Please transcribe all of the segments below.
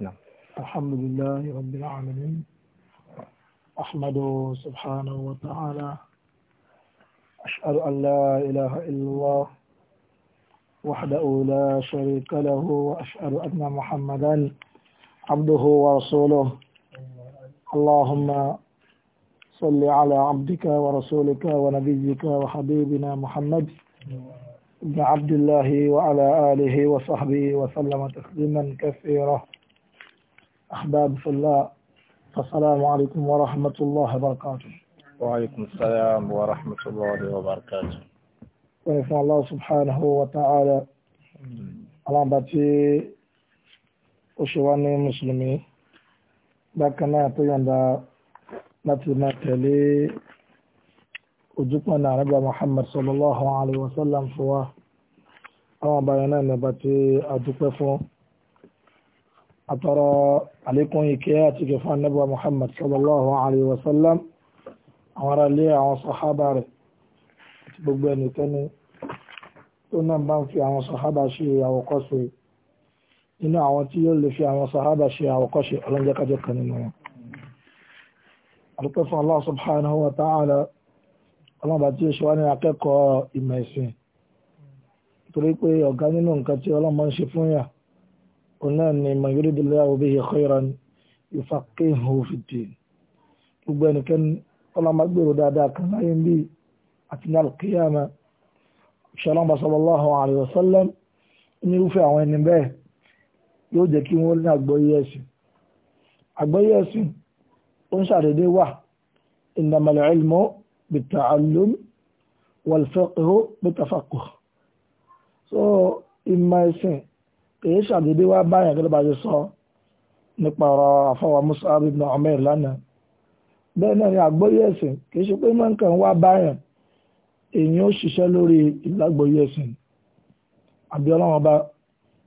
نعم الحمد لله رب العالمين أحمده سبحانه وتعالى أشهد أن لا إله إلا الله وحده لا شريك له وأشهد أن محمدا عبده ورسوله اللهم صل على عبدك ورسولك ونبيك وحبيبنا محمد بن عبد الله وعلى آله وصحبه وسلم تسليما كثيرا أحباب في الله السلام عليكم ورحمة الله وبركاته وعليكم السلام ورحمة الله وبركاته ونفع الله سبحانه وتعالى على باتي وشواني مسلمي لكن أعطينا láti máa تلي ojúpọ̀nà àrẹ́bà محمد صلى الله عليه وسلم wa àwọn àbáyọ náà àtọ̀rọ̀ àlékún ìkẹ́ àti ìkẹfà nẹ́bà Muhammad sallallahu alaihi wasallam àwọn ará ilé àwọn sọ̀hábà rẹ̀ àti gbogbo ẹnikẹ́ni tó náà bá ń fi àwọn sọ̀hábà ṣe àwòkọ́ṣe nínú àwọn tí yóò lè fi àwọn sọ̀hábà ṣe àwòkọ́ṣe ọlọ́njẹ́kájẹ́ kan nínú wọn àdúpẹ́ fún Allah subhanahu wa ta'ala ọlọ́mọba tí ó ṣe wá ní akẹ́kọ̀ọ́ ìmọ̀ ẹ̀sìn torí pé ọ̀gá nínú nǹkan tí ọlọ́mọ ń ṣe fún yàn náà ni man yuridillahu bihi khayran yufaqqihhu fid-din gbogbo ẹnikẹ́ni ọlọ́mọgbèrò dáadáa kan láyé ń bí àti ní alkiyama ṣọlọ́mọ sallallahu alayhi wa sallam ní irúfẹ́ àwọn ẹni bẹ́ẹ̀ yóò jẹ́ kí wọ́n ní àgbọ́yé ẹ̀sìn àgbọ́yé ẹ̀sìn ó ń ṣàdédé wà innamal ilmu bitta'allum wal fiqhu bittafaqquh so ìmọ̀ ẹ̀sìn kìí ṣàdédé wá báyà gẹ́gẹ́ bá ṣe sọ nípa ọ̀rọ̀ àfọwọ́ Mus'ab ibn Umair lánàá bẹ́ẹ̀ náà ni àgbóyè ẹ̀sìn kìí ṣe pé máa ń kàn wá báyà èyí ó ṣiṣẹ́ lórí ìlágbóyè ẹ̀sìn àbí ọlọ́run ọba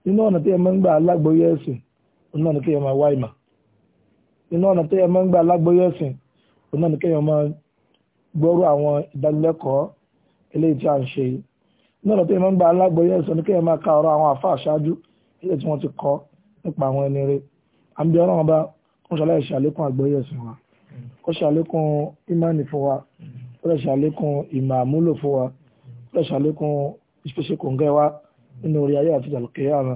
inú ọ̀nà tí ẹ máa ń gbà alágbóyè ẹ̀sìn inú ọ̀nà tí ẹ máa wá ìmọ̀ inú ọ̀nà tí ẹ máa ń gbà alágbóyè ẹ̀sìn inú ọ̀nà tí ẹ máa gbọ́rọ̀ àwọn ìdánilẹ́kọ̀ọ́ eléyìí tí a ń ṣe inú ọ̀nà tí ẹ máa ń gbà alágbóyè ẹ̀sìn ní kí ẹ máa ka ọ̀rọ̀ àwọn àfa àṣáájú ilé tí wọ́n ti kọ́ nípa àwọn ẹni rẹ̀ àbí ọlọ́run bá kó ṣàlàyé ṣe àlékún àgbọ́yé ẹ̀sìn wa kó ṣe àlékún ìmánì fún wa kó ṣe àlékún ìmọ̀ àmúlò fún wa kó ṣe àlékún ìṣẹ́ṣe kòǹgẹ́ wa nínú orí ayé àti ìdàlùkẹ́ àmà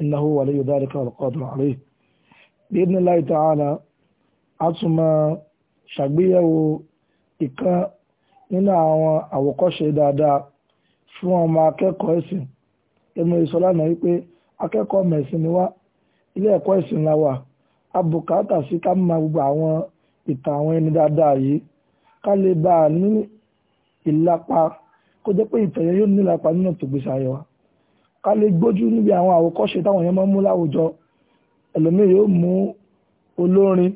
innahu waliyyu dhalika wal qadiru alayh bi'idhnillahi ta'ala a tún máa ṣàgbéyẹ̀wò ìkan nínú àwọn àwòkọ́ṣe dáadáa fún ọmọ akẹ́kọ̀ọ́ ẹ̀sìn ẹnu ìsọlánà wípé akẹ́kọ̀ọ́ mẹ̀sìn ni wá ilé ẹ̀kọ́ ìsìn la wà abùkátà sí ká mọ gbogbo àwọn ìtàn àwọn ẹni dáadáa yìí ká lè bá a ní ìlapa kó jẹ́ pé ìtẹ̀yẹ yóò ní ìlapa nínú tògbèsè ayé ká lè gbójú níbi àwọn àwòkọ́ṣe táwọn èèyàn máa ń mú láwùjọ ẹlòmíì yóò mú olórin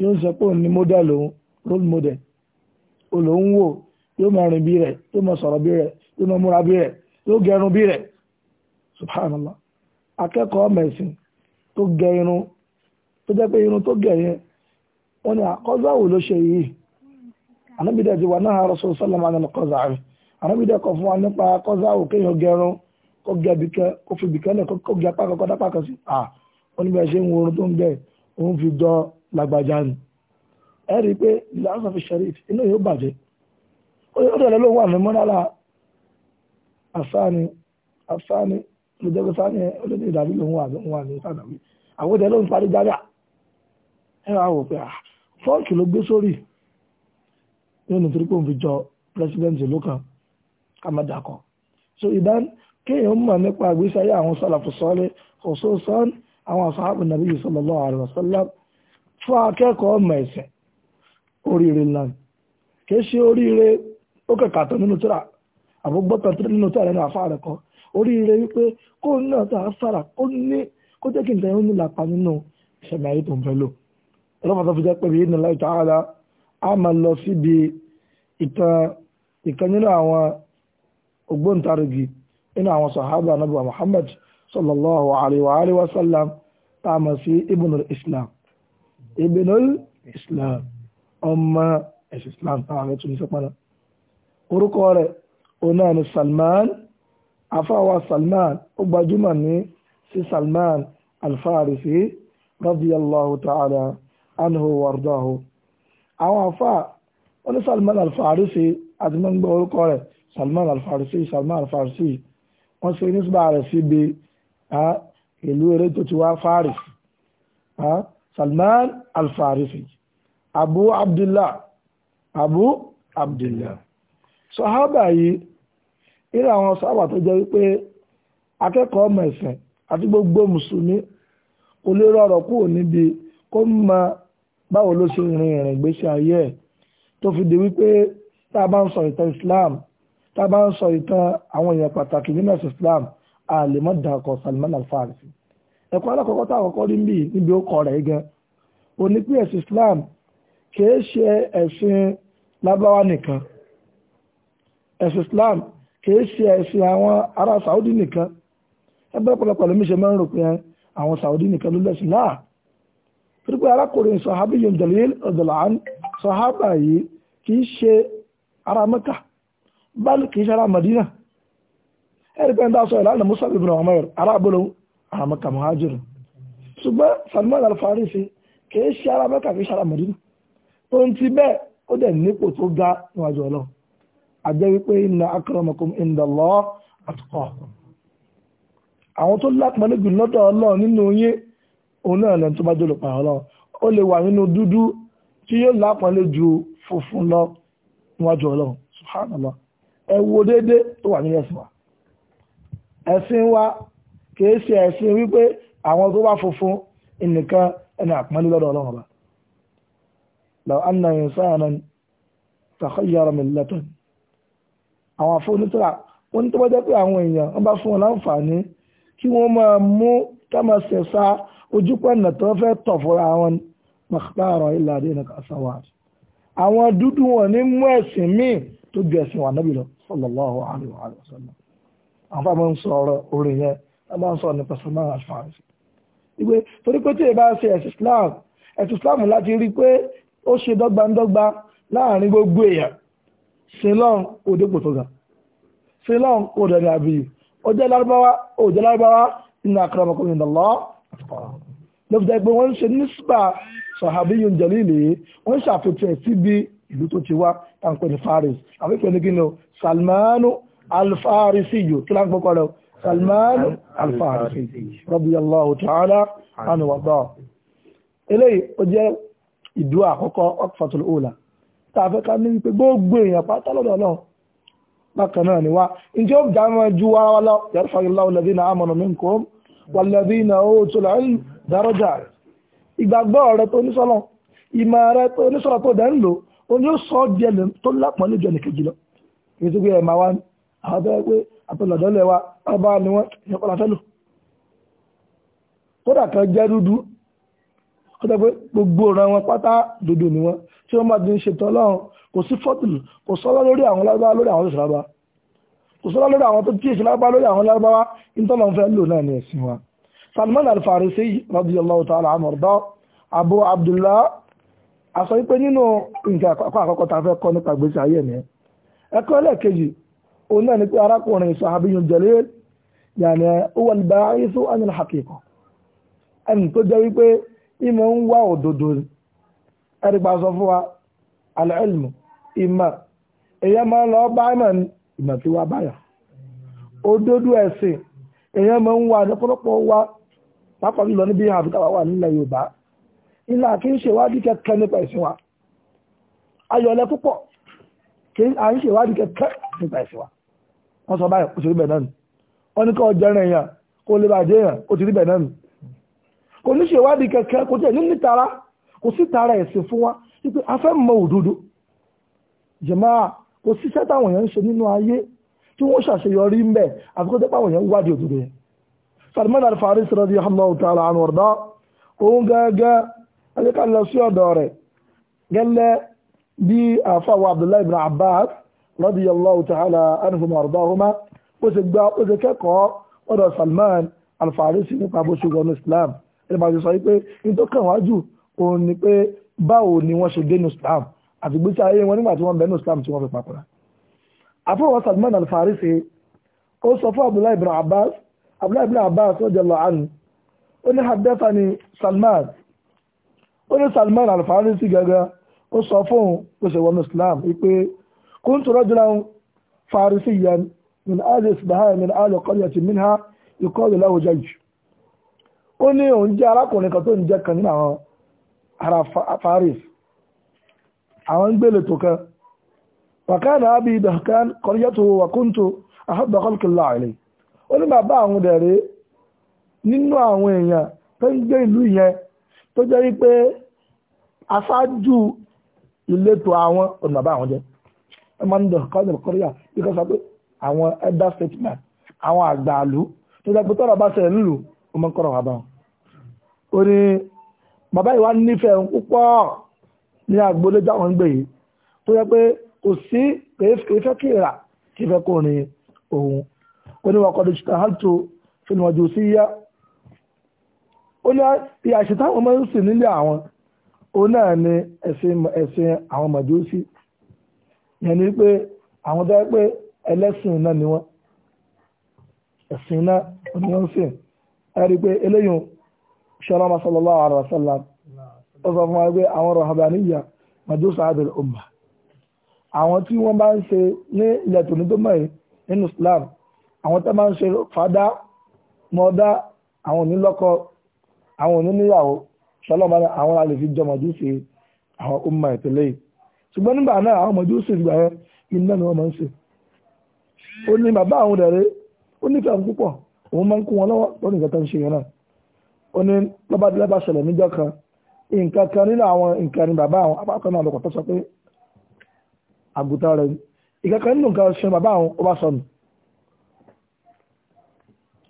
yóò sọ pé òun ni model òun role model olóhùn wò yóò máa rìn bí rẹ̀ yóò máa sọ̀rọ̀ bí rẹ̀ yóò máa múra bí rẹ̀ yóò gẹrun bí rẹ̀ subhanallah akẹ́kọ̀ọ́ mẹ̀sìn tó gẹ irun tó jẹ́ pé irun tó gẹ̀ yẹn wọ́n ní àkọ́záwò ah, ló ṣe yìí anábìdẹ̀ ti wà náà rọ́sọ̀ sọ́lọ́mà nínú kọ́zà rẹ̀ anábìdẹ̀ kọ̀ fún wa nípa kọ́záwò kéèyàn gẹrun kó gẹ bìkẹ́ kó fi bìkẹ́ lẹ̀ kó gẹ apá kọ́kọ́ dápá kan sí à ah, wọ́n níbẹ̀ ṣe ń wo orun tó ń gẹ̀ òun fi jọ làgbàjá ni ẹ rí i pé lásán fi ṣẹ̀rí inú yóò bàjẹ́ ó dẹ̀ lọ́wọ́ àmì mọ́nálà àfáàní ló jẹ́ pé sáré olóde ìdàbí lòun wà lòun wà ní sàdàbí àwọn òde ló ń parí jáde ẹ wá wò pé fọ́ọ̀kì ló gbé sórí yóò nítorí pé òun fi jọ pírẹsidẹ́ǹtì ìlú kan kàmádàkọ so ìdán kéèyàn mọ̀ nípa àgbésí ayé àwọn sàlàfù sọ́ọ́lẹ̀ khususan àwọn àṣàbù nàbí sallallahu alaihi wasallam fún akẹ́kọ̀ọ́ ọmọ ẹ̀sìn oríire náà kìí ṣe oríire ó kẹ̀kà tán nínú tíra àbúgbọ́tàn nínú tíra nínú àfáà rẹ̀ kan oríire wípé kó náà tó àfàrà kó ní kó jẹ́ kí nǹkan yẹn ó ní làpá nínú ìṣẹ̀mí ayé tó ń fẹ́ lò ọlọ́pàá tó fi jẹ́ pé bí ìdùnnú láì tààlà a máa lọ síbi ìtàn ìkan nínú àwọn ògbóǹtarìgì nínú àwọn sàhábà anábìwà Muhammad sallallahu alayhi wa alayhi wa sallam tá a mọ̀ sí ibùnú Islam ibùnú Islam ọmọ ẹ̀sìn Islam táwọn ẹ̀tún ní sọ́pọ̀ náà orúkọ rẹ̀ onáà ni Salman afáwa Salman ó gbajúmọ̀ ní sí Salman Al-Farisi radiyallahu ta'ala anhu wardahu àwọn afá oní Salman Al-Farisi àti mọ́ ń gbọ́ orúkọ rẹ̀ Salman Al-Farisi Salman Al-Farisi wọ́n ṣe nísìbà rẹ̀ síbi ìlú eré tó ti wá Faris Salman al Abu Abdullah Abu Abdullah sahaba yìí irú àwọn sábà tó jẹ́ wípé akẹ́kọ̀ọ́ ọmọ ẹ̀sìn àti gbogbo mùsùlùmí kò lè rọrọ̀ kúrò níbi kó mọ báwo ló ṣe rin ìrìn ìgbésí ayé ẹ̀ tó fi di wípé tá a bá ń sọ ìtàn Islam tá a bá ń sọ ìtàn àwọn èèyàn pàtàkì nínú ẹ̀sìn Islam a lè mọ̀ dàkọ̀ Salman al-Farisi ẹ̀kọ́ alákọ̀ọ́kọ́ tá àkọ́kọ́ rí níbi níbi ó kọ rẹ̀ gan òní ẹ̀sìn Islam kìí ṣe ẹ̀sìn lábáwá nìkan ẹ̀sìn Islam kìí ṣe ẹ̀sìn àwọn ará Saudi nìkan ẹgbẹ́ ọ̀pọ̀lọpọ̀ lómi ṣe máa ń rò pé àwọn Saudi nìkan ló lẹ́sìn náà torí pé arákùnrin sọ̀hábì yóò jẹ̀lẹ́ ọ̀dọ̀làn sọ̀hábà yìí kìí ṣe ará Mẹ́kà báyìí kìí ṣe ará Madina ẹ̀rí pé ń dá sọ ìlànà Musa ibn Umar ará abúlé ará Mẹ́kà muhajir ṣùgbọ́n Salman al-Farisi kìí ṣe ará Mẹ́kà kìí ṣe ará Madina tó ń ti bẹ́ẹ̀ ó dẹ̀ nípò tó ga níwájú Ọlọ́run àjẹ́ wípé inna akramakum indallahi atqakum àwọn tó lápẹ̀lẹ́ jù lọ́dọ̀ ọlọ́run nínú yín òun náà lẹ́nu tó bá jòlò pa ọlọ́run ó lè wà nínú dúdú tí yóò lápẹ̀lẹ́ ju funfun lọ níwájú ọlọ́run subhanallah ẹ wo déédé tó wà nínú ẹ̀sìn wa ẹ̀sìn wa kìí ṣe ẹ̀sìn wípé àwọn tó bá funfun nìkan ẹni àpọ́nlé lọ́dọ̀ ọlọ́run ọba law anna insanan takhayyara millatan àwọn afọ́nitọ́ra wọ́n ní tó bá jẹ́ pé àwọn èèyàn wọ́n bá fún wọn láǹfààní kí wọ́n máa mú ká máa ṣẹ̀ṣà ojúpọ̀nà tó fẹ́ tọ̀ fúnra wọn mọ̀kàtàrọ̀ ìlàdí ìnàkà sáwà àwọn dúdú wọn ní mú ẹ̀sìn míì tó ju ẹ̀sìn wà nábì lọ sallallahu alaihi wa sallam àwọn bá ń sọ ọ̀rọ̀ orin yẹn wọ́n bá ń sọ nípa salman alfarisi ìgbé torí pé tí èèyàn bá ṣe ẹ̀sìn islam ẹ̀sìn islam láti rí i pé ó ṣe dọ́gbandọ́gba láàrin gbogbo èèyàn ṣe lọ́n òdépò tó ga ṣe lọ́n òdàdà bí ọjọ́ lárúbáwá ọjọ́ lárúbáwá inna akramakum indallah ló fi jẹ́ pé wọ́n ń ṣe nísìpà sahabiyun jalili wọ́n ń ṣàfihàn ẹ̀ síbi ìlú tó ti wá táǹpẹ̀ ní Faris àfikún ní kíni o Salmanu alfarisiyu kí láǹpẹ̀ kọ́kọ́ rẹ̀ o Salmanu alfarisiyu radiyallahu ta'ala anhu wàdà eléyìí ó jẹ́ ìdúrà àkọ́kọ́ ọkfàtul ula tààfẹ́ ká ní wípé gbogbo èèyàn pátá lọ́dọ̀ náà bákan náà ni wá ǹjẹ́ ó jà máa ju ara wa lọ yarfa'illahu alladhina amanu minkum walladhina utul ilm darajat ìgbàgbọ́ rẹ tó ní sọ́lọ́ ìmọ̀ rẹ tó ní sọ́lọ́ tó dẹ̀ ń lò ó ní ó sọ di ẹlẹ́ tó lápọ̀n lójú ẹnì kejì lọ èyí tó gbé ẹ̀ kódà kan jẹ́ dúdú ó pé gbogbo ọ̀ràn wọn pátá dúdú ni wọ́n tí wọ́n máa di ń ṣètò ọlọ́run kò sí fọ́tìlù kò sọ́lá lórí àwọn lágbára lórí àwọn ìṣàlábá kò sọ́lá lórí àwọn tó tí ìṣàlábá lórí àwọn lágbára ìtọ́nà ń fẹ́ lò náà ní ẹ̀sìn wa Salman al-Farisi radiyallahu ta'ala amọ̀dọ́ Abu Abdullah àsọ wípé nínú nǹkan àkọ́kọ́ ta fẹ́ kọ́ nípa gbèsè ayé mi ẹ̀kọ́ ẹlẹ́ẹ̀kejì òun náà ni pé arákùnrin sahabiyun jalil yàní huwa al-ba'ithu anil haqiqa ẹni tó jẹ́ wípé ìmọ̀ ń wá òdodo ni ẹ̀rìgbà sọ fún wa alẹ́lmù ìmọ̀ èyàn máa lọ bá ìmọ̀ ní ìmọ̀ tí wá báyà òdodo ẹ̀sìn èyàn máa ń wà lọ́pọ̀lọpọ̀ wa pápá jùlọ níbi àbúkà wà nílẹ̀ Yorùbá ilà kí ń kẹkẹ nípa ẹ̀sìn wa ayọ̀lẹ̀ púpọ̀ kí à ń ṣèwádìí kẹkẹ nípa ẹ̀sìn wa wọ́n sọ báyìí kò sí ibẹ̀ náà nù wọ́n ní kọ́ jẹ́rìn èèyàn lè bàjẹ́ èèyàn kò sí tara ẹ̀sìn fún wa wípé a fẹ́ mọ òdodo jẹ̀máà kò sí iṣẹ́ táwọn èèyàn ń ṣe nínú ayé tí wọ́n ṣàṣeyọrí ń bẹ̀ àfikún tẹ́pọ̀ àwọn èèyàn wádìí òdodo yẹn Salman al-Farisi radiyallahu ta'ala anhu ọ̀dá òun gẹ́gẹ́ ẹlẹ́ka lọ sí ọ̀dọ̀ rẹ̀ gẹ́lẹ́ bí àfàwọ̀ Abdullahi ibn Abbas radiyallahu ta'ala anhuma ọ̀dọ́hùmá ó sì gba ó sì kẹ́kọ̀ọ́ ọ̀dọ̀ Salman al nípa bó ṣe wọnú Islam ẹni òun ni pé báwo ni wọ́n ṣe dénú Islam àti gbèsè ayé wọn nígbà tí wọ́n bẹ̀rù Islam tí wọ́n fi papòrà. àfọwọ́ Salman al-Farisi ó sọ fún Abdullahi ibn Abbas Abdullahi ibn Abbas radiyallahu anhu ó ní haddathani Salman ó ní Salman al-Farisi gẹ́gẹ́ ó sọ fún pèsè wọn Islam wípé kuntu rajulan farisiyyan min ali isbaha min ali qaryatin minha yuqalu lahu Jayj ó ní òun jẹ́ arákùnrin kan tó ń jẹ́ kan nínú àwọn ara Faris àwọn gbèlè tó kan wàkánà àbí ìdàkán kọ̀ríyàtò wàkúntò àhàbàkọ́lùkìlá àìlè ó ní bàbá àwọn dẹ̀rẹ́ nínú àwọn èèyàn tó ń gbé ìlú yẹn tó jẹ́ wípé aṣáájú ìletò àwọn ọ̀nà bàbá àwọn jẹ́ ẹ máa ń dọ̀ kọ́lù kọ́ríyà bí kọ́ sọ pé àwọn elder statement àwọn àgbàlú tó jẹ́ pé tọ́rọ̀ bá ṣẹlẹ̀ nílùú ó máa ń kọ́rọ̀ wà bá wọn bàbá ìwà nífẹ̀ẹ́ púpọ̀ ní agboolé jáwọn gbé yìí tó yẹ pé kò sí kèéfẹ́ kí ìrà kí fẹ́ kó ní òun ó ní wakọ̀ dìṣítà hàtó fìlìmọ̀jù sí yá ó ní ìyàṣẹ táwọn ọmọ ń sìn nílé àwọn òun náà ni ẹ̀sìn àwọn màjúsí yẹn ni pé àwọn tó yẹ pé ẹlẹ́sìn náà ni wọ́n ẹ̀sìn náà ni wọ́n sìn ẹ̀rí pé eléyìí ṣọ́nà masalọ́lá àrà sọ́lá ó sọ fún wa pé àwọn rọ̀hábàníyà màjúsà àdìrì ọmọ àwọn tí wọ́n bá ń ṣe ní ilẹ̀ tòní tó mọ̀ nínú Islam àwọn tó máa ń ṣe fada mọ́dá àwọn onílọ́kọ àwọn oníníyàwó ṣọ́nà bá ní àwọn alẹ́ fi jọ màjúsì àwọn ọmọ ìpínlẹ̀ yìí ṣùgbọ́n nígbà náà àwọn màjúsì ìgbà yẹn ó ní lọ́bàdìlẹ́bà ṣẹlẹ̀ níjọ́ kan nǹkan kan nínú àwọn nǹkan ni bàbá àwọn apákan náà lọ́kọ̀ tó sọ pé àgùntàn rẹ̀ nǹkan kan nínú nǹkan ṣe bàbá àwọn ó bá sọnù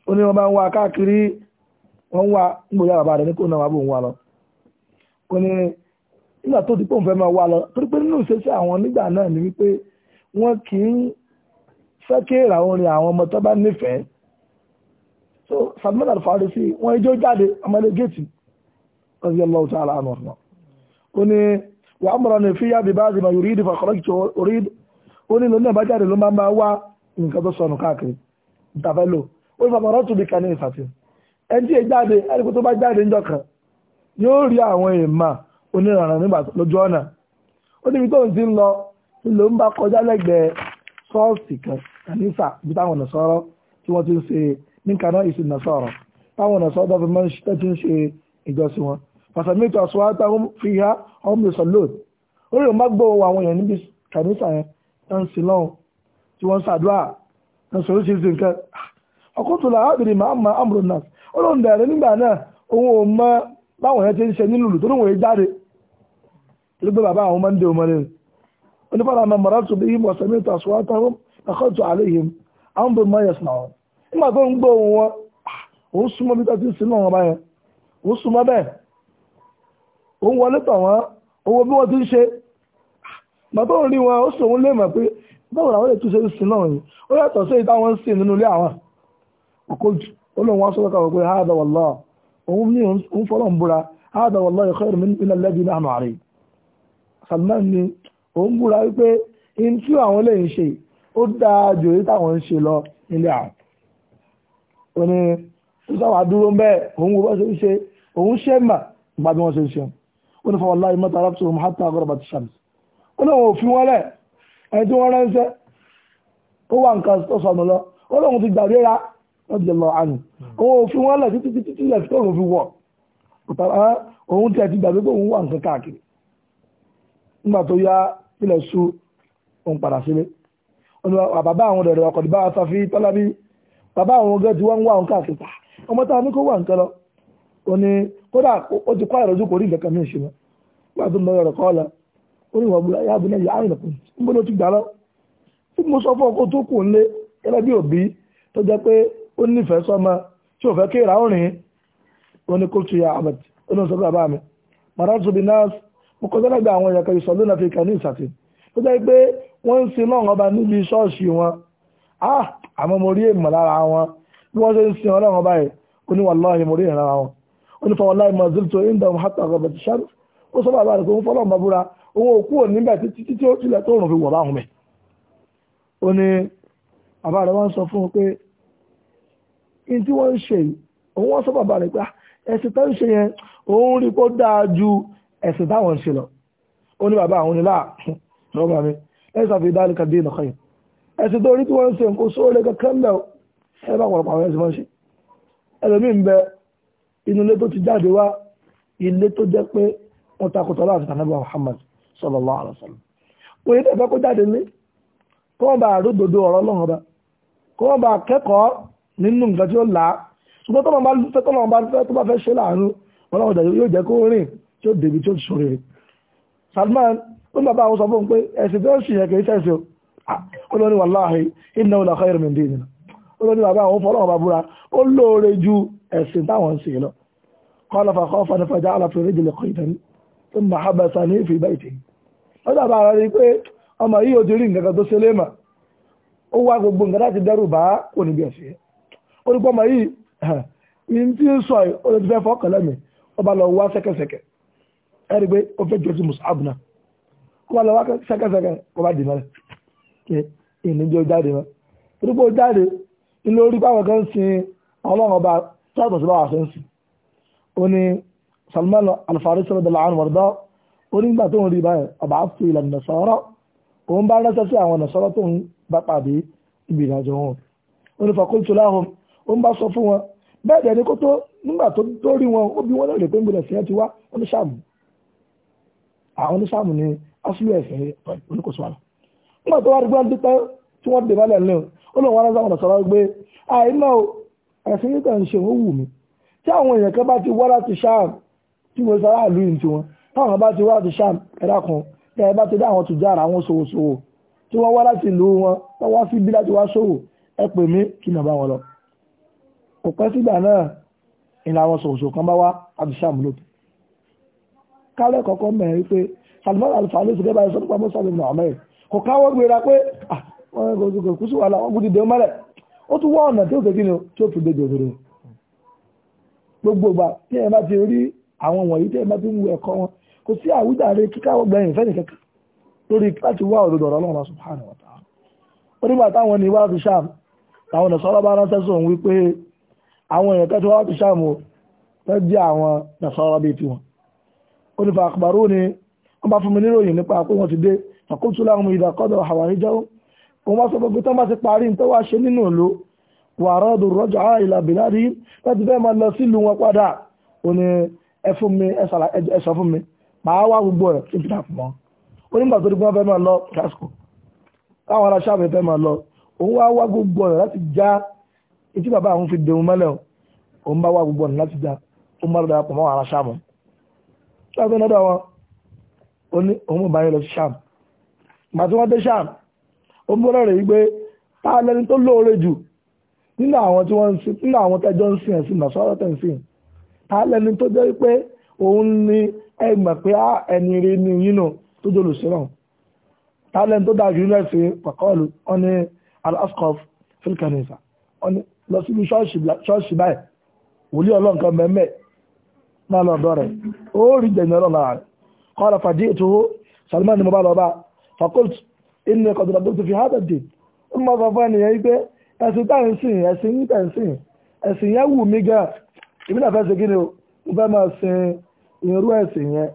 ó ní wọ́n bá ń wá káàkiri wọ́n ń wá gbòyà bàbá rẹ̀ ní kó náà wà bó ń lọ ó ní nígbà tó ti pòun fẹ́ máa wá lọ torí pé nínú ìṣesí àwọn nígbà náà ni wípé wọ́n kì í fẹ́ kéèrà orin àwọn ọmọ tó bá nífẹ̀ẹ́ so Salman al-Farisi wọ́n ijó jáde ọmọdé géètì ọ̀sẹ̀ lọ́wọ́ tí ara àmọ̀ ọ̀nà ó ní wà á mọ̀rọ̀ ní fíyà bí báyìí mà yorùdí fà kọ́lọ́kì tó orí ó ní lónìí bá jáde ló máa máa wá nǹkan tó sọnù káàkiri dàbẹ́lò ó ní fàmọ̀rọ̀ tó bí kan ní ìfàtí ẹni tí ì jáde ẹni tó bá jáde ńjọ kan yóò rí àwọn èèmà onírànràn nígbà lójú ọ̀nà ó níbi tó ń ti ń lọ ló ń bá kọjá lẹ́gbẹ̀ẹ́ ṣọ́ọ̀ṣì kan kàníṣà ibi táwọn ọ̀nà sọ̀rọ̀ tí wọ́n ti ń ṣe ní kaná ìsìn nasara táwọn nasara tó fi máa ń ṣe tí ń ṣe ìjọsìn wọn pàṣẹmìtì àṣọ àtàwọn fi ha ọmọ ìsọlóòtù ó lè má gbọ́ àwọn èèyàn níbi kàníṣà yẹn tó ń sin tí wọ́n ṣàdúrà tó ń sọ̀rọ̀ ìsìn nǹkan ọkùnrin tó làábìrì máa ma amúrò náà ó lóun bẹ̀rẹ̀ nígbà náà òun ò mọ báwọn èèyàn ti ń ṣe nílùú tó níwòye jáde ló gbé bàbá àwọn mọ́ndé ọmọ rẹ̀ onífàlà àmọ́ mọ̀rá tó bí wọ́n sẹ́mi tó àtàwọn ẹ̀kọ́ tó àlẹ́ yìí àwọn bò mọ́ yẹ̀sìn àwọn nígbà tó ń gbọ́ ohun wọn ó ń súnmọ́ bí tó ti ń sin náà wọn báyẹn ó ń súnmọ́ bẹ́ẹ̀ ó ń wọlé tọ̀ wọ́n owó bí wọ́n ti ń ṣe ìgbà tó ń rí wọn ó sòun lè mọ̀ pé báwo làwọn lè tún ṣe ń sin náà yìí ó yàtọ̀ sí ìta wọn ń sin nínú ilé àwọn òkòjù ó lóun wọn sọ́kà wọ́n pé hádà wàllá òun ní òun fọ́lọ́ ń búra hádà wàllá yóò khairun min alladhi nahnu alayhi Salman ni òun búra wípé in tí àwọn lè ń ṣe ó dáa jòyè táwọn ń ṣe lọ nílé àwọn ó ní ìsáwà dúró mbẹ́ òun wo bá ṣe ń ṣe òun ṣe mà nípa bí wọ́n ṣe ń ṣe ó ní fọwọ́lá ìmọ̀ tààrà tó mọ̀ hátà àgọ́rọ̀ bàtí ṣàmì ó ní òun òfin wọlé ẹni tí wọ́n ránṣẹ́ ó wà nǹkan tó sọnù lọ ó lóun ti gbàgbéra hmm. wọ́n ti lọ àná òun òfin wọlé títí títí títí lẹ̀ fi tóun fi wọ̀ òun tẹ̀ ti gbàgbé pé òun wà nǹkan káàkiri nígbà tó yá ilẹ̀ su òun padà sílé ó ní bàbá àwọn ọ̀dọ̀ ọ̀kọ̀dùbá bàbá àwọn ọgọ́ ti wọ́n ń wá òun káàkiri pa ah, ọmọ táwọn ní kó wà nǹkan lọ ó ní kódà ó ti kọ́ àròjù kò rí nǹkan kan mí ṣe mọ́ wà tó lọ rẹ̀ kọ́ lọ ó ní ìwà búra yáàbù náà yà á rìn lọ́kùn ń bọ́ ló ti gbà lọ tí mo sọ fún ọkọ tó kù ńlé gẹ́gẹ́ bí òbí tó jẹ́ pé ó nífẹ̀ẹ́ sọ́mọ tí ò fẹ́ kí ìrà òrìn ó ní kó tuya ahmed ó ní sọ fún mi maratu binas mo náà fi kàn ní ìsàtì tó jẹ́ pé ah àmọ́ mo rí èèmọ̀ lára wọn bí wọ́n ṣe ń sin ọlọ́run báyìí ó ní wàláhì mo rí èèmọ̀ lára wọn ó ní fọwọ́ láì mọ̀ọ́sí tó ń dàn hàtà ọ̀gbẹ̀ tí sáré ó sọ́bà bá rẹ̀ tó ń fọ́lọ́ ọmọ búra òun òkú ò níbẹ̀ títí tí ó tilẹ̀ tó rùn fi wọ̀ báhùn mẹ́ ó ní bàbá rẹ̀ wọ́n sọ fún un pé in tí wọ́n ń ṣe òun wọ́n sọ bàbá rẹ̀ pé ah, ẹ̀sìn tó ń ṣe yẹn òun rí kó dáa ju ẹ̀sìn táwọn ń ṣe lọ ó ní bàbá àwọn onílà ọmọ ẹ̀sìn tó rí tí wọ́n ń ṣe kò sóore kankan mẹ́ o ẹ bá pọ̀lọpọ̀ àwọn ẹ̀sìn máa ń ń bẹ inú ilé tó ti jáde wá ilé tó jẹ́ pé wọ́n takùtọ̀ láti tànàbí Muhammad sallallahu alaihi wasallam wọ́n yìí tẹ̀fẹ́ kó jáde ní kó wọ́n bá àródòdó ọ̀rọ̀ Ọlọ́run ọba kó wọ́n bá kẹ́kọ̀ọ́ nínú nǹkan tí ó là á ṣùgbọ́n tó bá fẹ́ Salman ó bàbá àwọn sọ fún un pé ẹ̀sìn tó ń ṣìyẹn kì í ṣẹ̀ṣẹ̀ olórí wàláhì iná ọ̀là khairu min dinina olórí bàbá àwọn fọlọ́ ọba búra ó lóore ju ẹ̀sìn táwọn ń ṣe lọ qala fa khafani fa ja'ala fi rijli qaydan thumma habasani fi baytihi ó dàbà ara rí pé ọmọ yìí ò ti rí nǹkan kan tó ṣe léèmà ó wá gbogbo nǹkan láti dẹ́rù bá kò níbi ẹ̀sìn olùkọ́ ọmọ yìí fẹ́ jọ sí mus'ab náà lọ wá sẹ́kẹ̀sẹ̀kẹ̀ ọba dì náà ìníjọ jáde wọn torípò jáde ilé orí báwọn kan sin ọlọ́run ọba tọ́tọ̀ sí báwọn kan sìn ó ní Salman Al-Farisi radiyallahu anhu wọ̀rọ̀dọ́ ó nígbà tó ń rí báyìí ọba àti ìlànà Nasara òun bá rẹ́sẹ̀ sí àwọn Nasara tó ń bá pàdé ibi ìrìnàjò wọn ó ní faqultu lahum ó ń bá sọ fún wọn bẹ́ẹ̀ dẹ̀ ni kó tó nígbà tó rí wọn ó bí wọn lórí pé ń gbọdọ̀ sí ẹ ti wá oníṣàmù àwọn oníṣàmù ni asúlù ẹ̀sìn oníkòsó àlọ́ nígbà tó wá rí gbọ́n títẹ́ tí wọ́n dè mọ́lẹ̀ ńlẹ̀ ó lóun wá rán sáwọn ọ̀sán gbé àìmọ́ o ẹ̀sìn se kàn ń ṣe òwú mi tí àwọn èèyàn kan bá ti wá láti ṣáàm tí mo sọ aráàlú yìí tiwọn táwọn bá ti wá láti ṣáàm ẹ̀dá kan tí ẹ bá ti dá àwọn tùjára àwọn ṣòwòṣòwò tí wọ́n wá láti ìlú wọn wọ́n wá síbí láti wá ṣòwò ẹ pè mí kí nà bá wọn lọ kò pẹ́ sígbà náà ìlà àwọn ṣòwòṣòwò kan bá wá láti ṣáàm lókè kálẹ̀ kọ̀ọ̀kan mẹ́rin pé Salman Alfa ló ti dé báyìí sọ́dún pamọ́ sọ́dún Muhammed kò káwọ́ gbéra pé kò sí wàhálà wọ́n gbúdìdẹ̀ mọ́lẹ̀ ni tí ó fi gbé jòdòdò gbogbo ìgbà tí ẹ bá ti rí àwọn wọ̀nyí tí ẹ bá ti ń wo ẹ̀kọ́ wọn kò sí àwíjàre kíkáwọ́ gbẹ̀yìn fẹ́ nìkankan lórí láti wá òdodo ọ̀rọ̀ Ọlọ́run subhanahu wa ta'ala ó nígbà táwọn ní wá ti ṣáàmù táwọn nàṣọ́rọ́ bá ránṣẹ́ sóun wípé àwọn èèyàn kẹ́tọ́ wá ti ṣáàmù tó jẹ́ àwọn nàṣọ́rọ́ bíi tiwọn àkótó láwọn ìdàkọ́dọ̀ àwàríjọ́ òun wá sọ gbogbo tán bá ti parí tó wá ṣe nínú ìlú wàárọ̀ ọdún rọ́jà ìlà bìláàrí láti fẹ́ máa lọ sílùú wọn padà ó ní ẹ fún mi ẹ sọ fún mi màá wá gbogbo rẹ̀ tí ìpínlẹ̀ fún wọn ó nígbà tó dúpọ́ fẹ́ máa lọ kásìkò káwọn ará sáàmì fẹ́ máa lọ òun wá wá gbogbo rẹ̀ láti já etí bàbá àwọn fi dẹ̀hun mọ́lẹ̀ òun bá wá gbogbo rẹ̀ láti já ó má lọ́dọ̀ àpọ̀ mọ́ ará sáàmù gbàtí wọ́n dé sáà ó múrẹ̀ rẹ̀ wípé ta lẹni tó lóore jù nínú àwọn tí wọ́n ń sin nínú àwọn tẹ́jọ́ ń sin ẹ̀sìn nàṣọ́rọ́ tẹ̀ ń sìn ta lẹni tó jẹ́ pé òun ni ẹ gbà pé á ẹni rí ni yín nù tó jọ olùsíràn ta lẹni tó dáa jù nínú ẹ̀sìn pàkọ́ọ̀lù wọn ni alaskov filkanisa wọn ni lọ síbi ṣọ́ọ̀ṣì báyìí wòlíì ọlọ́nkan mẹ́mẹ́ náà lọ́dọ̀ rẹ̀ ó rí jẹ̀yìn ọlọ́run fakult inú ẹ̀kọ́ ìdàgbà tó fi hádà dé ó máa fàfà nìyẹn wípé ẹ̀sìn tá ń sìn ẹ̀sìn yín tẹ̀ ń sìn ẹ̀sìn yẹn wù mí gan èmi náà fẹ́ ṣe kíni o mo fẹ́ máa sin irú ẹ̀sìn yẹn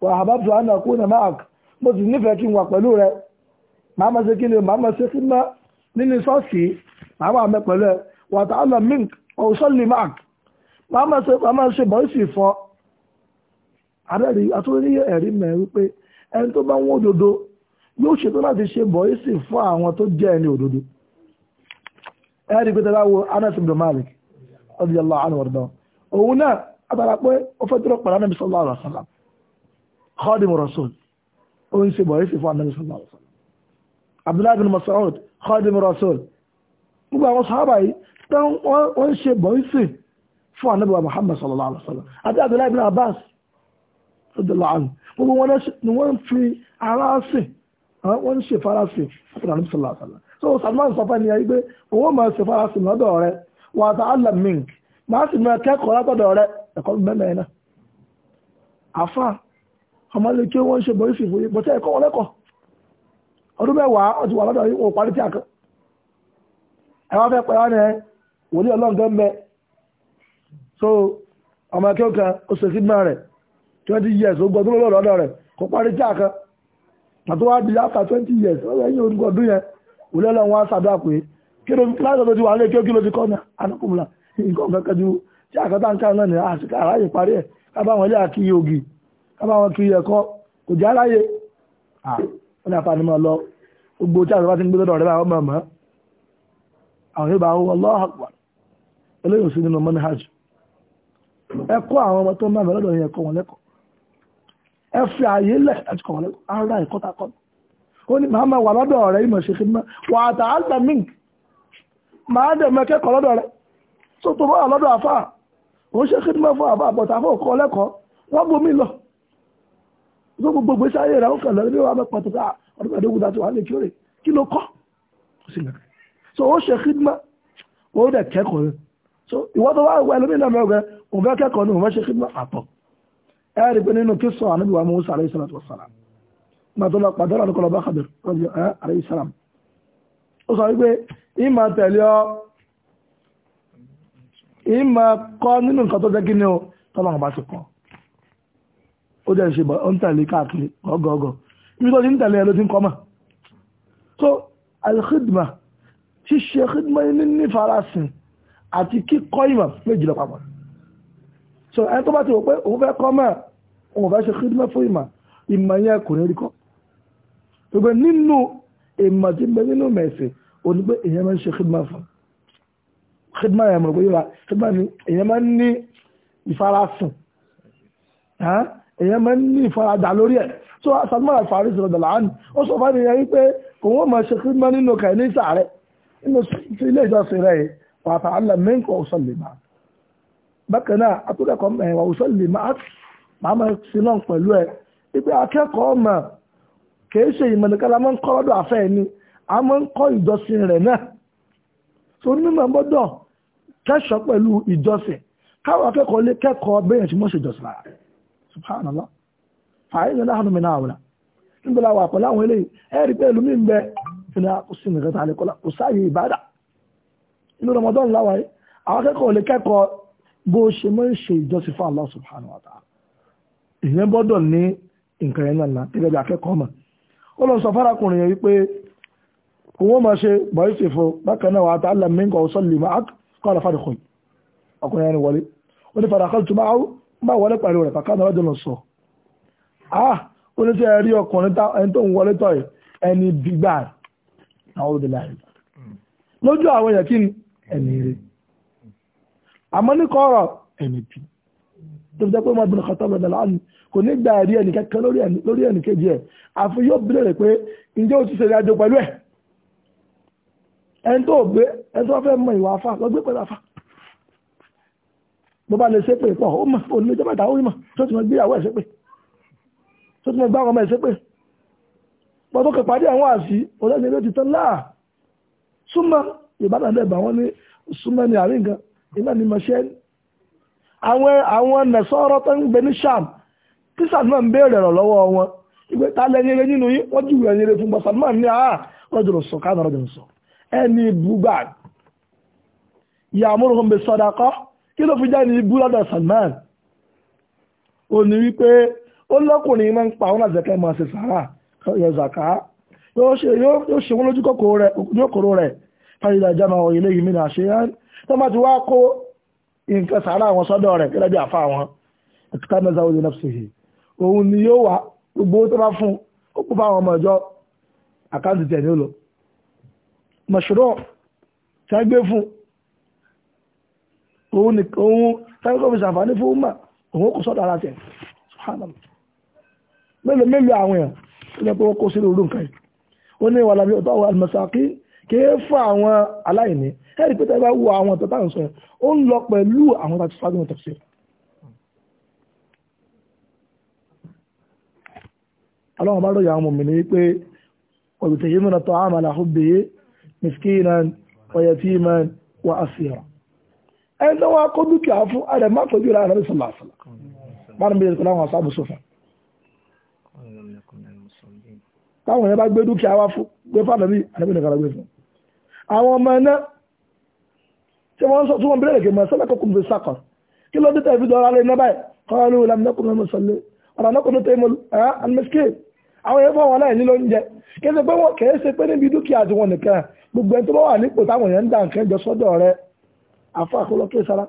wà àbábọ̀ àná kú ní mark mo sì nífẹ̀ẹ́ kí n wà pẹ̀lú rẹ màá máa ṣe kíni o màá máa ṣe kí n má yóò ṣetán láti ṣe bọ̀ọ́sì fún àwọn tó jẹ́ ẹni òdodo ẹ̀rí pé tẹ́lá wo Anas ibn Malik radiyallahu anhu ọ̀dọ́ òun náà atara pé ó fẹ́ tó pàdánù Nabi sallallahu alaihi wasallam khadim rasul ó ń ṣe bọ̀ọ́sì fún Nabi sallallahu alaihi wasallam Abdullah ibn Mas'ud khadim rasul gbogbo àwọn sahaba yìí tán wọ́n ń ṣe bọ̀ọ́sì fún Nabi Muhammad sallallahu alaihi wasallam àti Abdullah ibn Abbas wọ́n ń ṣe fún so Salman sọ fún pé owó máa lọ́dọ̀ rẹ ta allah mink máa sì máa kẹ́kọ̀ọ́ látọ̀dọ̀ rẹ ẹ̀kọ́ mẹ́mẹ́ àfa ọmọ ilé kí wọ́n ṣe bọ́ ìsìn fún bọ́tẹ́ ẹ̀kọ́ wọn lẹ́kọ̀ọ́ ọdún mẹ́wàá ọtí wà lọ́dọ̀ yìí wọ́n parí tí a kan ẹ wá fẹ́ pẹ́ wá ní wòlíì so ọmọ àti wá di after twenty years wọ́n yẹn orúkọ ọdún yẹn òlẹ́lẹ̀ wọn á sàdá pé kí ló fi láti ọ̀dọ̀ ti wà lé kí ó kí ló ti kọ́ ní anákùnmùlà nǹkan kankan ju tí àkọ́tà ń ká náà ní àsìkò àráyè parí ẹ̀ kábàwọn ilé àkíyè ògì kábàwọn kiri ẹ̀kọ́ kò já láyé ah. wọ́n ní àfààní máa lọ gbogbo tí àtàwọn ti ń gbé lọ́dọ̀ rẹ̀ bá wọ́n mọ̀ àwọn yóò bá wọ́n Allahu Akbar eléyìí ò sí nínú manhaj ẹ̀kọ́ àwọn ọmọ tó ń bá mi lọ́dọ̀ yẹn ẹ̀kọ́ wọn lẹ́kọ̀ọ́ ẹ fi ààyè lẹ̀ àti kọ̀wọ́ lẹ́kọ̀ọ́ ara ìkọ́takọ́ ó ní màá máa wà lọ́dọ̀ rẹ̀ ìmọ̀ ṣe kìnnìmọ̀ wà á ta alba mink màá dẹ̀ mọ kẹ́kọ̀ọ́ lọ́dọ̀ rẹ̀ tó tó bá lọ́dọ̀ àfà ó ṣe kìnnìmọ̀ fún àbá àbọ̀tà fún òkọ́ lẹ́kọ̀ọ́ wọ́n bomi lọ tó gbogbo gbèsè ayé rẹ̀ ó kàn lọ́dọ̀ bí wàá mẹ́pọ̀ tó dàtí wàá ẹ̀rí pé nínú kí sọ ànábì wa Musa alayhi salatu wa salam gbàtọ́ lọ pàtàkì àdúgbò lọ bá Khadir rọ́bì alayhi salam ó sọ wípé ìmọ̀ tẹ̀lé ọ ìmọ̀ kọ́ nínú nǹkan tó jẹ́ kí ni ó tọ́lọ́run bá ti kọ́ ó jẹ́ ìṣe ń tẹ̀lé káàkiri ọgọ́gọ́ ibi tó ti ń tẹ̀lé ẹ ló ti ń kọ́ mọ̀ so alkhidma ṣíṣe khidma ní nífarasin àti kíkọ́ ìmọ̀ méjìlá papọ̀ so ẹni tó bá ti wò pé òun fẹ́ kọ́ mọ̀ wọn bá ṣe khidma fún ìmọ̀ ìmọ̀ yẹn kò ní rí kọ́ gbogbo nínú ìmọ̀ tí ń bẹ nínú mẹ̀sìn ò ní pé èèyàn máa ń ṣe khidma fún khidma yẹn mọ̀ gbóyè wa khidma ni èèyàn máa ń ní ìfarasùn èèyàn máa ń ní ìfaradà lórí ẹ̀ tó Salman Al-Farisi sọ̀rọ̀ dàlàánì ó sọ fún ènìyàn wípé òun ó máa ṣe khidma nínú kàìníṣà rẹ̀ nínú ilé ìjọsìn rẹ̀ wàtà alẹ́ mẹ́ńkọ̀ ọ̀sán lè máa bákan màá máa sin náà pẹ̀lú ẹ ibi akẹ́kọ̀ọ́ mà kìí ṣe ìmọ̀ nìkan la máa ń kọ́ lọ́dọ̀ afẹ́ ẹni a máa ń kọ́ ìjọsìn rẹ̀ náà tó nímọ̀ gbọ́dọ̀ kẹ́sọ̀ pẹ̀lú ìjọsìn káwọn akẹ́kọ̀ọ́ lè kẹ́kọ̀ọ́ bẹ́ẹ̀ tí wọ́n ṣe jọsìn lára subhanallah fàáyìn náà hànú mi náà wọ̀lá níbi la wà pẹ̀lú àwọn eléyìí ẹ rí pé ìlú mi ń bẹ ìfìlà kò sí nìkan tá a lè kọ́lá Ramadan láwàá yìí àwọn akẹ́kọ̀ọ́ lè kẹ́kọ̀ọ́ bó ṣe máa Allah subhanahu wa ta'ala ìyẹn gbọ́dọ̀ ní nǹkan yẹn náà gẹ́gẹ́ bí akẹ́kọ̀ọ́ mọ̀ ó lọ sọ fárakùnrin yẹn wípé òun máa ṣe bọ́ìsì fún bákan náà wàá tààlà mẹ́ńkọ̀ ọ̀sán lè máa kọ́ fàdùkọ̀ ọkùnrin yẹn wọlé ó ní tó máa wọlé rẹ̀ sọ ah! ó ní sẹ́ rí ọkùnrin ẹni tó ń wọlé ẹni tó fi jẹ́ pé wọ́n bìnrin kan tọ́lọ̀ dàlá ni kò ní gba ẹ̀rí ẹnì kankan lórí ẹnì kejì ẹ̀ àfi yóò bí lèrè pé ǹjẹ́ o ti ṣe ìrìnàjò pẹ̀lú ẹ̀ ẹni tó gbé ẹni tó fẹ́ mọ ìwà afá lọ gbé pẹ̀lú afá bó bá lè ṣe pé pọ̀ ó mọ̀ òun lè jẹ́ ó mọ̀ tó ti mọ gbéyàwó ẹ̀ ṣe pé tó ti mọ gbá ọmọ ẹ̀ ṣe pé pọ̀tọ́ kẹ̀ pàdé àwọn àṣì ọ̀dọ́sẹ̀ àwọn àwọn nẹ̀sọ́rọ́ tó ń gbé ní sham tí Salman béèrè rẹ̀ lọ́wọ́ wọn ìgbé ta lẹ́ni eré nínú yín wọ́n jùwẹ̀ ẹni eré fún bọ́ Salman ní àá ah, rọ́jòrò sọ káàdà rọ́jòrò sọ ẹni ibú bag yàmúrò ń bẹ sọdakọ́ kí ló fi jẹ́ ní ibú lọ́dọ̀ Salman ó ní wípé ó lọ́kùnrin máa ń pa àwọn àzẹ̀kẹ́ máa ṣe sàárà yọ zàká yóò ṣe wọ́n lójú kòkòrò rẹ̀ fàyídà ìjàmà ọ̀yẹ́lẹ́yìn nǹkan sàárà àwọn sọ́dọ̀ rẹ̀ gẹ́gẹ́ bí àfa àwọn àtúkàmẹ́sà òde nafsihi òun ni yóò wá gbogbo tó bá fún ó kó fáwọn ọmọ ìjọ àkáǹtì tẹ̀ ní ó lọ mọ̀ṣúrọ̀ tí a gbé fún òun ni òun tẹ́kọ̀ọ́ fi ṣàǹfààní fún mà òun kò sọ́dọ̀ ara tẹ̀ subhanallah mélòó mélòó àwọn èèyàn ó ní ìwà làbí ọ̀tọ̀ àwọn àlùmọ̀sáàkì kéé fún àwọn aláìní ẹ̀rí pé tẹ́lẹ̀ bá wo àwọn ọ̀tọ̀ táwọn sọ ó ń lọ pẹ̀lú àwọn tàbí fagún tẹ̀sí. ọlọ́run bá lóye àwọn ọmọ mi ní pé ọ̀gbìtẹ̀ yìí múnatọ̀ àmàlà àhúbè miskinan wayatiman wa asira ẹni tó wá kó dúkìá fún ààrẹ má tọ́jú ra àrẹ́bí sọ̀lá àṣàlá bá ní bèèrè pẹ̀lú àwọn asáàbù sófà táwọn yẹn bá gbé dúkìá wá fún gbé fún àrẹ́bí àrẹ́bí gbé fún àwọn ọmọ iná tí wọ́n sọ tí wọ́n bẹ̀rẹ̀ kì mọ̀ sọ́lá kọkùn fi sàkọ̀ kí ló dé tẹ̀ fi dọ́ra lé iná báyìí kọ́lù làmìnàkùn lọ́mọ sọ́lẹ̀ ọ̀rọ̀ náà kò tó tẹ́mọ̀ àmìsíkè àwọn yẹn fọwọ́n láì nílò oúnjẹ kì í ṣe pé wọ́n kì í ṣe pé níbi dúkìá àti wọn nìkan gbogbo ẹni tó bá wà nípò táwọn yẹn ń dà nǹkan jọ sọ́dọ̀ rẹ àfa àkọlọ kí sara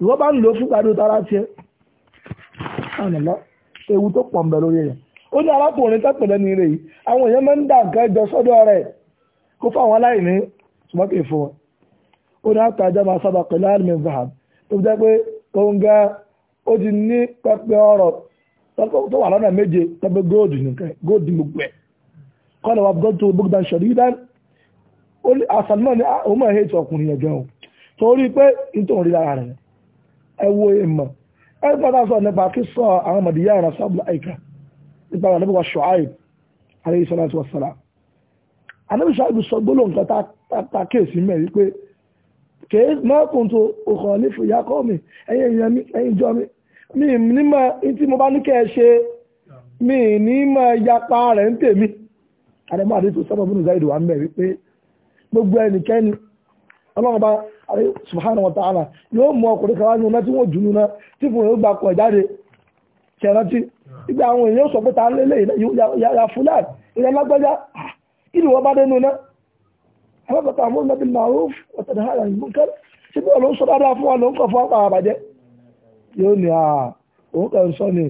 ìwọ bá ń lò fún gbàdúrà tara tiẹ̀ ànàmọ́ ewu tó pọ̀ ń bẹ lórí rẹ̀ ó ní arákùnrin tápẹ̀lẹ́ ní rẹ̀ yìí àwọn èèyàn máa ń dà nǹkan jọ rẹ̀ kó fáwọn aláìní ṣùgbọ́n kì í fún wọn ó ní àtàjà máa sábà pẹ̀lú àlùmí zahab tó jẹ́ pé òun ga ó ti ní pẹpẹ ọrọ̀ tó wà lọ́nà méje pẹpẹ góòdù nìkan góòdù gbogbo ẹ̀ kọ́nà wa gbọ́dọ̀ tó gbogbo àṣọ yìí dá àṣàlù náà ni ah, òun máa hẹ́ẹ̀tì ọkùnrin yẹn gan o torí pé nítorí rí lára rẹ̀ ẹ wo ìmọ̀ ẹ gbọ́dọ̀ sọ nípa kí sọ àwọn mọ̀dìyà ìrànṣọ́ àbúlá àyíká nípa àwọn àdébùwà ṣọ́ àyè alayhi salatu wassalam ànábì ṣáàbù sọ gbóló nǹkan ta kéèsì mẹ́rin pé kèé mọ́kùn tó òkàn nífò ìyá kọ́ mi ẹ̀yìn èèyàn mi ẹ̀yìn ìjọ mi mi nímọ̀ tí mo bá ní kẹ́ ẹ ṣe mi nímọ̀ yapa rẹ̀ ń tèmi àdàmọ́ àdètò sábà bínú záìdù wa mẹ́rin pé gbogbo ẹnikẹ́ni ọlọ́run bá subhanahu wa ta'ala yóò mú ọkùnrin kan wá ní ọmọ tí wọ́n jùlọ náà tí fún yóò gba ọkọ̀ jáde kẹrántí ìgbà àwọn èèyàn sọ pé ta lélẹ̀ yà fúlàn ìrẹ́lágbájá Ilu ni wọ́n bá dénú náà alábàtà àwọn ọmọdé maruf ọ̀tẹ̀dá ara ìmúkẹ́ tí bí ọlọ́run sọ dáadáa fún wa ló ń kọ̀ fún àpàrà àbàjẹ́ yóò ní à òun kàn sọ ni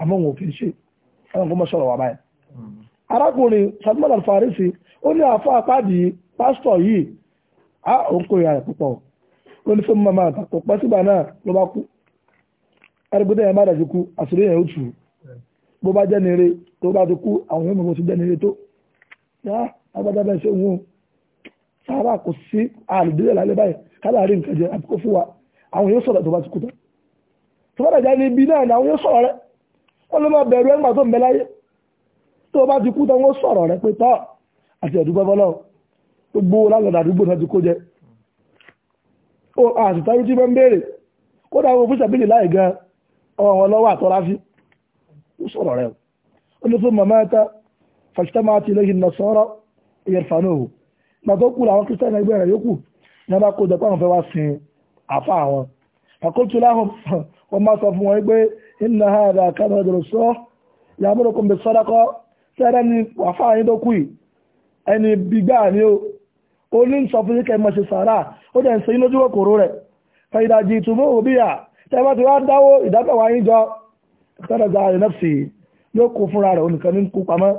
àmọ́ òfin ṣe ẹran kó mọ́ sọ̀rọ̀ wà báyìí arákùnrin Salman Al-Farisi ó ní àfọ àpáàdì pásítọ̀ yìí á òun kò yára púpọ̀ ó ní fún mama kò pẹ́ sígbà náà ló bá kú ẹrùgbọ́dọ̀ yẹn má dàjú kú àṣírí yẹn ó tù bó bá jẹ́ nire tó bá ti kú àwọn yóò mọ̀ yá agbada bẹ́ẹ̀ ṣe wù sára kò sí àlùdílẹ̀ lálẹ́ báyìí kálá rí nǹkan jẹ àbíkó fún wa àwọn yóò sọ̀rọ̀ tó bá ti kú tán tó bá dàjà ní ibi náà ni àwọn yóò sọ̀rọ̀ rẹ wọ́n ló máa bẹ̀rù ẹgbà tó ń bẹ láyé tó bá ti kú tán wọ́n sọ̀rọ̀ rẹ pé tọ́ àti ẹ̀dúgbọ́ bọ́lọ́ gbogbo lágbàdà àdúgbò náà ti kó jẹ ó àtìtáyé tí wọ́n ń béèrè kódà àwọn òfin ṣàbílì láì gan ọ̀rọ̀ lọ́wọ́ àtọ́ráfí fajtama'at ilayhi an-nasara yarfanuhu gbàtọ́ kú làwọn kírísítẹ́nì ẹgbẹ́ rẹ̀ yókù ní wọ́n bá kó jọ pé àwọn fẹ́ wá sin àfa àwọn àkótó láwọn wọn máa sọ fún wọn pé inna hadha kana ọjọ́ sọ ya'murukum bis-sadaqa sẹ́rẹ́ ni àfa yín tó kù yìí ẹni bígbà ni ó ó ní sọ fún wá dáwó ìdábẹ̀wá yín nafsi yóò kó fúnra rẹ̀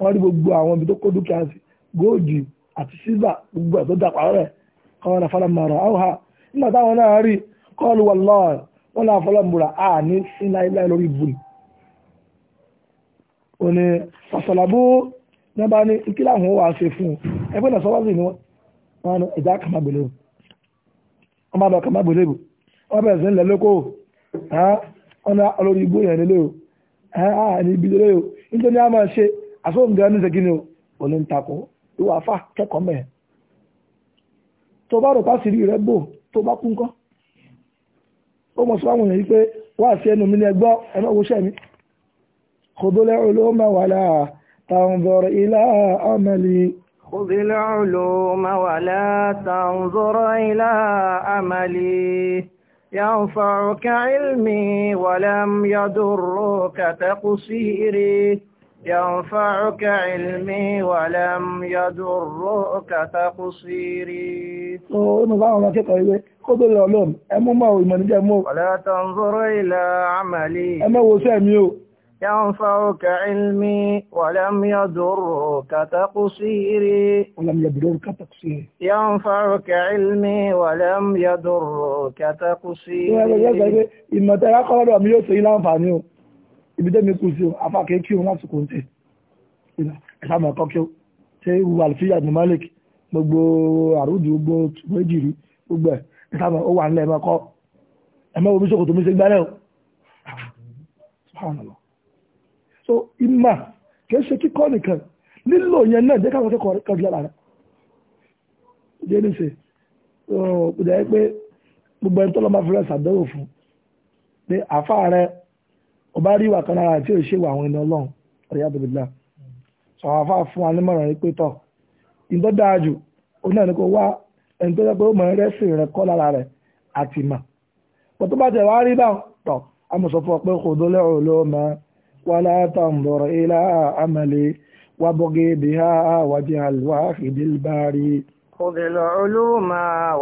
wọ́n rí gbogbo àwọn ibi tó kó dúkìá sí góòdì àti sílvà gbogbo ẹ̀ tó dà pàrọ̀ rẹ̀ kọ́ ọ́nà fọlọ́mọ̀rọ̀ áwùhà nígbà táwọn náà rí kọ́ọ̀lù wọ̀ lọ́ọ̀ wọ́n náà fọlọ́mọ̀rọ̀ à ní sí láíláí lórí fún un ẹgbẹ́ náà sọ́wọ́ sí ni wọ́n ní ẹ̀dá kàmá wọ́n máa lọ kàmá wọ́n bẹ̀rẹ̀ àfóhùn gan ní ṣe gíní o lè ń takò ìwà àfà kẹ́kọ̀ọ́ mẹ́ẹ̀ tó bá rò pàṣírí rẹ bò tó bá kú ńkọ́ ó mọ̀ sọ àwọn èèyàn yìí pé wá sí ẹnu mi ní ẹgbọ́ ẹnu òwúṣẹ́ mi kòdólẹ́ olóòmà wà láà tàǹzọ̀rọ̀ ilá àmàlì kòdólẹ́ olóòmà wà láà tàǹzọ̀rọ̀ ينفعك علمي ولم يضرك تقصيري ينفعك علمي ولم يضرك تقصيري Kó tó lọ ọlọ́run, ẹ mú máa ìmọ̀ níjẹ́ mú. ولا تنظر إلى عملي. Ẹ mọ́ wo sẹ́ mi o. ينفعك علمي ولم يضرك تقصيري ولم يضرك تقصيري ينفعك علمي ولم يضرك تقصيري. Ìmọ̀ tẹ́ra kọ́ lọ́dọ̀ mi yóò ṣe yín láǹfààní o ibi tẹ́mi kú sí o afáàkẹ́ kí òun lásìkò ń tẹ̀ ẹ̀sàmọ̀ ẹ̀kọ́ kí ó ṣe ìwú àlùfíà ní malik gbogbo àrùdù gbogbo méjìlí gbogbo ẹ̀ ẹ̀sàmọ̀ ó wà nílẹ̀ ẹ̀mọ́kọ́ ẹ̀mọ́ omi ṣòkòtò mi ṣe gbálẹ̀ o subhanallah so ìmà kì í ṣe kíkọ́ nìkan lílò yẹn náà jẹ́ káwọn akẹ́kọ̀ọ́ kan fi lára rẹ̀ jẹ́ ní ṣe kò jẹ́ pé gbogbo ẹni tó lọ́ máa fi rẹ̀ ṣàdánwò fún pé ọba rí ìwà kan lára àti òṣèwà àwọn ẹni ọlọ́run ọ̀rẹ́ àdùbìlà sọ àwọn afá fún anímọ̀ràn yìí pé tọ̀ ìtọ́ dáa jù ó náà ní kó wá ẹni tó jẹ́ pé ó mọ̀ rẹ́sì rẹ̀ kọ́ lára rẹ̀ àti mà pọ̀ tó bá tẹ̀ wá rí báwọn tọ̀ amọ̀sọ̀ fún ọ pé kò dólẹ̀ ò ló mọ wàlá tàǹbọ̀rọ̀ ilá àmàlẹ́ wàbọ̀gẹ́ bìhá wàjẹ́ àlùwà fìdíl bárí. خذ العلوم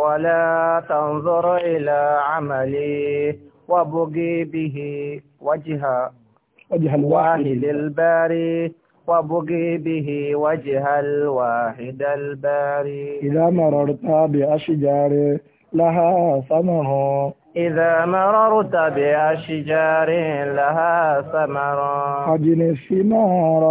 ولا تنظر إلى عملي وبغي به وجه وجه الواحد الباري وبغي به وجه الواحد الباري إذا مررت بأشجار لها ثمر إذا مررت بأشجار لها ثمر حجن الثمار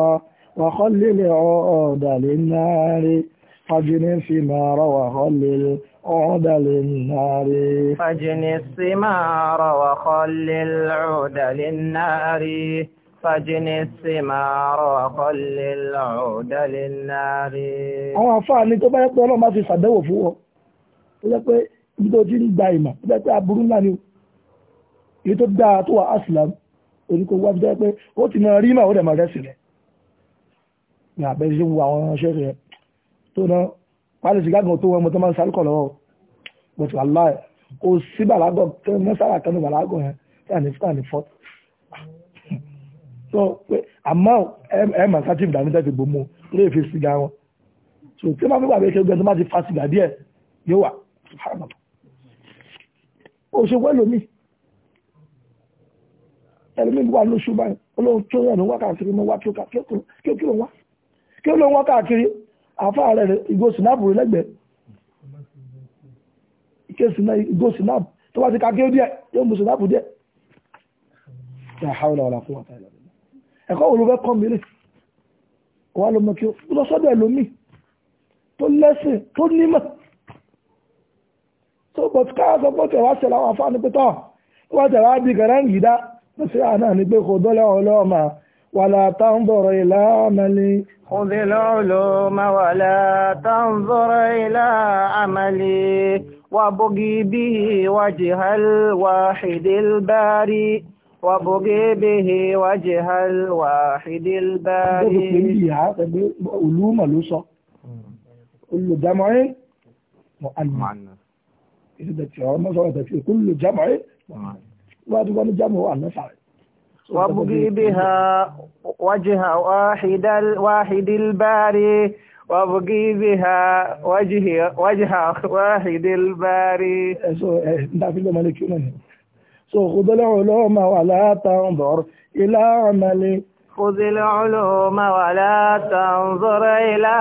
وخلل عود للنار حجن الثمار وخلل عود للنار فجن الثمار وخل العود للنار فجن الثمار وخل العود للنار àwọn àfáà ni tó bá yẹ pé ọlọ́run bá fi ṣàdẹ́wò fún ọ tó yẹ pé ibi tó ti ń gba ìmọ̀ tó yẹ pé aburú ńlá ni èyí tó dáa tó wà áṣìlámù oníkó wá bí pé ó ti máa rí màá ó dẹ̀ máa rẹ́sì rẹ̀ ní àbẹ́sí ń wo àwọn ọmọ ṣẹ́ṣẹ́ tó náà pàdé sìgá gan tó wọn mo tó máa ń sáré kọ̀ lọ́wọ́ but wàláì kò sí bàlágọ̀ mẹ́sàrà kan ní bàlágọ̀ yẹn tí à ní fún àní fọ́t so pé àmọ́ ẹ mà sá tí ìdá mi tẹ́tì gbòmó lè fi sìgá wọn so tí wọ́n fi wà pé kí ọgbẹ́ tó má ti fa sìgá díẹ̀ yóò wà ó ṣe wẹ́lò míì ẹlòmíì wà lóṣù báyìí olóhùn tó yàn ní wákàtí ní wá tó kà kí ó lóhùn wákàtí àfá rẹ̀ ìgò sinap rẹ̀ lẹ́gbẹ̀ẹ́ ike ìgò sinap tó bá ti ka kéwú díẹ̀ yóò mú sinap díẹ̀ ẹ̀kọ́ wo ló fẹ́ kọ́ mi rè wà lọ́mọ kí ó lọ sọ́dọ̀ ẹ̀ lómi tó lẹ́sìn tó nímọ̀ so but ká sọ pé tẹ̀wá ṣẹlẹ̀ àwọn afáàní pé wọ́n tẹ̀wá bí gẹ̀rẹ́ ń yìí dá pèsè àná ní pé kò dọ́lẹ̀ ọlọ́ọ̀mà ولا تنظر إلى عملي خذ العلوم ولا تنظر إلى عملي وابغي به وجه الواحد الباري وابغي به وجه الواحد الباري علوم لوصة كل جمع مؤنث إذا تفهم كل جمع مؤنث وهذا جمع مؤنث وابقي بها وجه واحد الواحد الباري وابقي بها وجه وجه واحد الباري سو سو خذ العلوم ولا تنظر إلى عملي خذ العلوم ولا تنظر إلى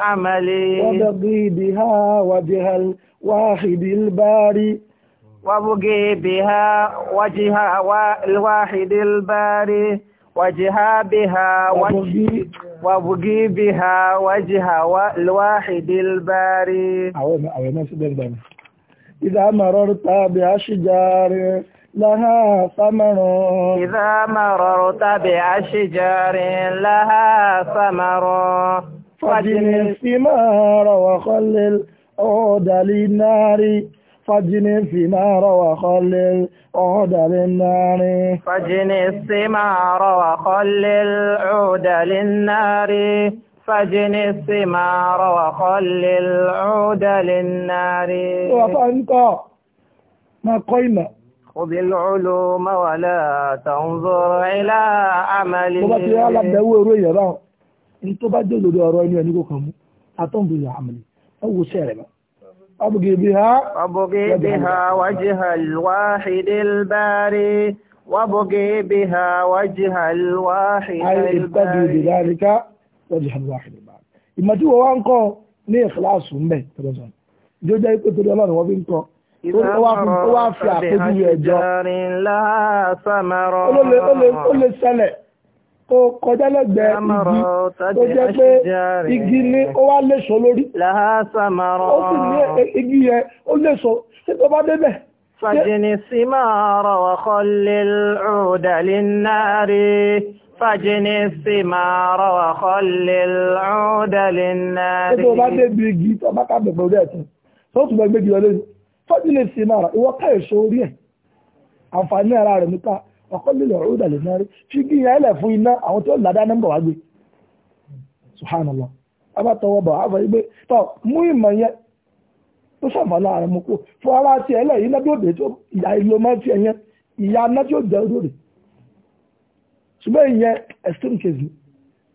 عملي وابقي بها وجه الواحد الباري وابغي بها وجهها والواحد الباري وجه بها وجه بها وجهها والواحد الباري إذا مررت بأشجار لها ثمر إذا مررت بأشجار لها ثمر فجن الثمار وخلل عود للنار فاجني الثمار وخلل عود للنار فاجني الثمار وخلل عود للنار فاجني الثمار وخلل عود للنار وفانت ما قيمة خذ العلوم ولا تنظر إلى عملي bó bá ti yá aládàáwó eré èèyàn báwọn ní tó bá jẹ́ òdòdó ọ̀rọ̀ ẹni ẹni kò kàn mú atọ́ǹdù ìyá àmàlì ẹ wo sẹ́rẹ̀ bá أبقي بها أبقي بها وجه الواحد الباري وابقي بها وجه الواحد أي ابتدي بذلك وجه الواحد الباري ìmọ̀ tí wọ́n wá ń kọ́ ní ìkíláàsù ń bẹ̀ tọ́lọ́sàn yóò jẹ́ pé torí ọlọ́run wọ́n fi ń kọ́ ó wá fi àpéjú ẹ̀jọ́ ó lè ṣẹlẹ̀ kó kọjá lẹ́gbẹ̀ẹ́ igi tó jẹ́ pé igi ní ó wá léso lórí ó sì ní igi yẹn ó léso tí tó bá débẹ̀. fàjìnì sí máa rọ̀ wá kọ́lé ọ̀dàlẹ̀ náà rí fàjìnì sí máa rọ̀ wá kọ́lé ọ̀dàlẹ̀ náà rí. tó bá débi igi tó bá ká bẹ̀rẹ̀ orí ẹ̀sìn tó tún bẹ̀ gbégi lọ lórí sí máa rọ̀ ìwọ ká orí ẹ̀ àǹfààní ara rẹ̀ nípa ọ̀kọ́lélẹ̀ ọ̀rọ̀ ìdàlẹ̀ náà rí fi kí ìyá ẹlẹ̀ fún iná àwọn tó ládá nọ́mbà wá gbé subhanallah abátọwọ́ bọ̀ àfọ yìí pé tọ́ mú ìmọ̀ yẹn tó sàǹfààní ara mu kú fún ara ti ẹlẹ̀ yìí náà tó dé tó ìyá ìlú máa ti ẹ̀yẹn ìyá náà tó jẹ́ olóòrè ṣùgbọ́n ìyẹn extreme case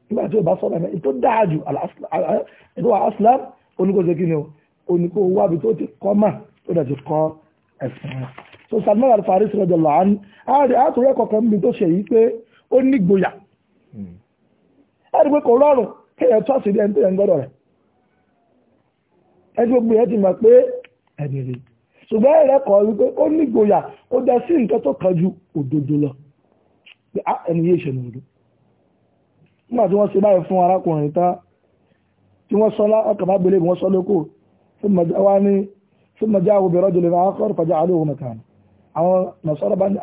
nígbà tí o bá sọ̀rọ̀ ẹ̀mẹ́ tó dáa jù ẹ̀dọ́ aslam oníkó kí ni o oníkó wábi tó ti kọ́ mà tó dẹ̀ ti kọ́ ẹ̀sìn rẹ̀ so Salman al-Farisi radiyallahu anhu àárẹ̀ àtúrẹ́ kọ̀ọ̀kan mi tó ṣe yìí pé ó ní gboyà ẹni hmm. pé kò rọrùn kéèyàn tó àṣírí ẹni tó yẹn gbọ́dọ̀ rẹ̀ ẹni gbogbo yẹn ti mọ̀ pé ẹni rí ṣùgbọ́n ẹ̀rẹ́ kọ̀ wípé ó ní gboyà ó dá sí nǹkan tó kan ju òdodo lọ pé á ah, ẹni yé ìṣẹ̀lẹ̀ òdodo nígbà tí wọ́n ṣe báyìí fún arákùnrin tán tí wọ́n sọ ọkàn wọ́n sọ lóko fún mọ̀já wa ní fún mọ̀já obìnrin ọjọ́ lè máa kọ́ fàjà àlóhùn mẹ́ta ni àwọn nàṣọ́rọ̀ bá ní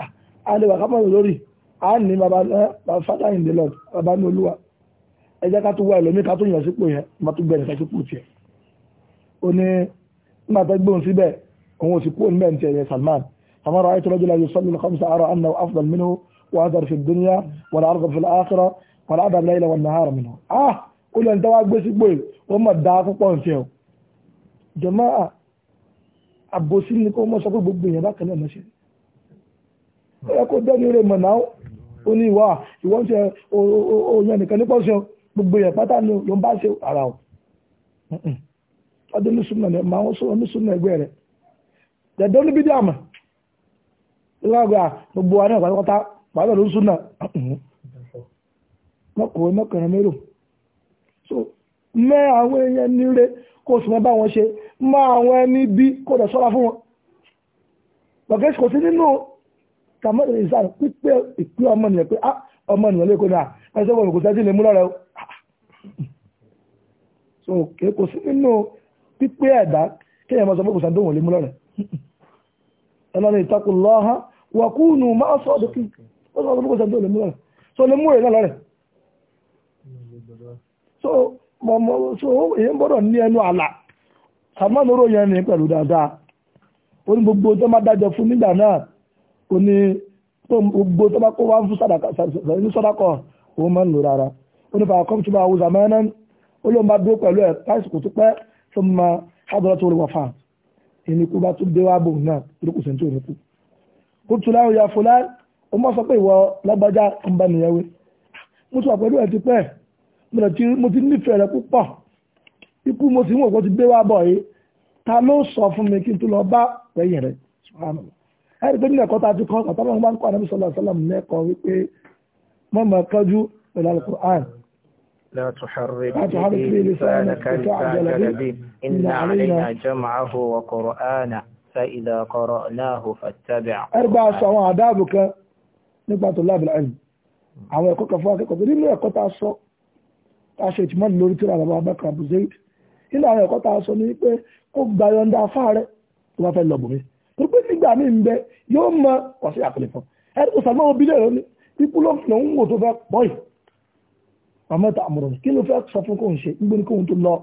àdìwà ah, kápọ̀lù lórí a ní bàbá eh, fada in the lord bàbá ní olúwa ẹjẹ́ ká tó wá ẹlòmí ká tó yàn sípò yẹn má tó gbẹ̀rẹ̀ sípò tiẹ̀ ó ní nígbà tó gbóhùn síbẹ̀ òun ò sì kúrò níbẹ̀ ní tiẹ̀ Salman àmọ́ ra ayétọ́ lọ́jọ́ láyé sọ́lù lọ́kọ́mùsà àrọ̀ anna afdal minhu wa adar fi dunya wa la arda fi al-akhirah wa la adab layla wa nahara minhu ah ó gbé sípò yìí ó mọ̀ dáa púpọ̀ ní tiẹ̀ o jọ̀mọ́ àbòsí ni kó mọ́ sọ gbogbo èèyàn bá kẹ́lẹ́ ọ̀nà ṣe ó yẹ kó dẹ́ni rẹ̀ mọ̀ náà ó ní ìwà ìwọ́n ṣe òyìn ẹnìkan nípa ṣe gbogbo yẹn pátá ni ló ń bá ṣe ara o ọdún nísúnà ni màá sọ nísúnà ẹgbẹ́ rẹ̀ dẹ̀dọ́ níbi dí àmà lágbà gbogbo wa náà pátápátá pàdé ló ń súnà mọ́kùnrin mọ́kànrin mérò so mẹ́ àwọn èèyàn nílé kó o sì mọ́ bá wọn ṣe mọ́ àwọn ẹni bí kó o dẹ̀ sọ́ra fún wọn bọ̀gẹ́sì kò sí nínú kàmọ́ ìrìn sáà pípé ìpé ọmọ nìyẹn pé ah, ọmọ nìyẹn lẹ́kọ̀ọ́ náà ẹsẹ̀ wọn kò lè mú so kì kò sí nínú pípé ẹ̀dá kéèyàn máa sọ pé kò sẹ́dọ̀ lè mú lọ́rẹ̀ ẹlọ́ni ìtakùnlọ́ha wàkúùnù sọ ọdún kí ó sọ pé kò lè mú so lè mú rẹ̀ náà so mọ̀mọ́ so èyí ń gbọ́dọ̀ ní ẹnu àlà sàmánù ròyìn pẹ̀lú dáadáa ó ní gbogbo tó má dájọ fún nígbà náà ó ní gbogbo tó bá kó wá fún sọ́dákọ̀ òun máa ń lò rárá ó ní fàákọ́ tó bá wù zàmánà ó lóun bá dúró pẹ̀lú ẹ̀ lásìkò tó pẹ́ tó máa ṣàdọ́rọ́ tó rí wà fáà ìníkú bá tún dé wá bò náà ìdókù sẹ́ńtì òníkú. ó tún láwọn ìyá fúlá ó mọ̀ sọ pé ìwọ lágbájá ń bá nìyẹn wé mo ti wà pẹ̀lú ẹ̀ ti pẹ́ mo ti nífẹ̀ẹ́ rẹ púpọ̀ ikú mo ti ń wò kó ti dé wá bọ̀ yìí ta ló sọ fún mi kí n tó lọ bá lẹ́yìn rẹ̀ sùhánù ẹ̀rí pé nílẹ̀ kọ́ta ti kọ́ àtàwọn bá ń kọ́ ànábì sọ́lá sọ́lá mẹ́kọ̀ọ́ wípé mọ́ máa kánjú pẹ̀lú alukur'an. لا تحرك به لسانك لتعجل به إن علينا جمعه وقرآنه فإذا قرأناه فاتبع أربع سواء آدابك nípa طلاب العلم àwọn ẹ̀kọ́ kan fún akẹ́kọ̀ọ́ tó nínú ẹ̀kọ́ tá a sọ tá a ṣe ìtìmọ́ lórí tíra àbábá abẹ́kọ̀ àbúzẹ́yìd nínú àwọn ẹ̀kọ́ tá a sọ ní pé kó gbayọ̀ǹda afárẹ́ tó bá fẹ́ lọ bùnmi nígbà mí ń bẹ yóò mọ ọ̀sẹ̀ àpẹẹrẹ fún ẹni kò sàmọ́ òbí lẹ́rọ ní ikú ló fi lòun wò tó fẹ́ pọ̀ yìí màmá ta àmọ̀ràn kí ló fẹ́ sọ fún kóun ṣe gbé ní kóun tó lọ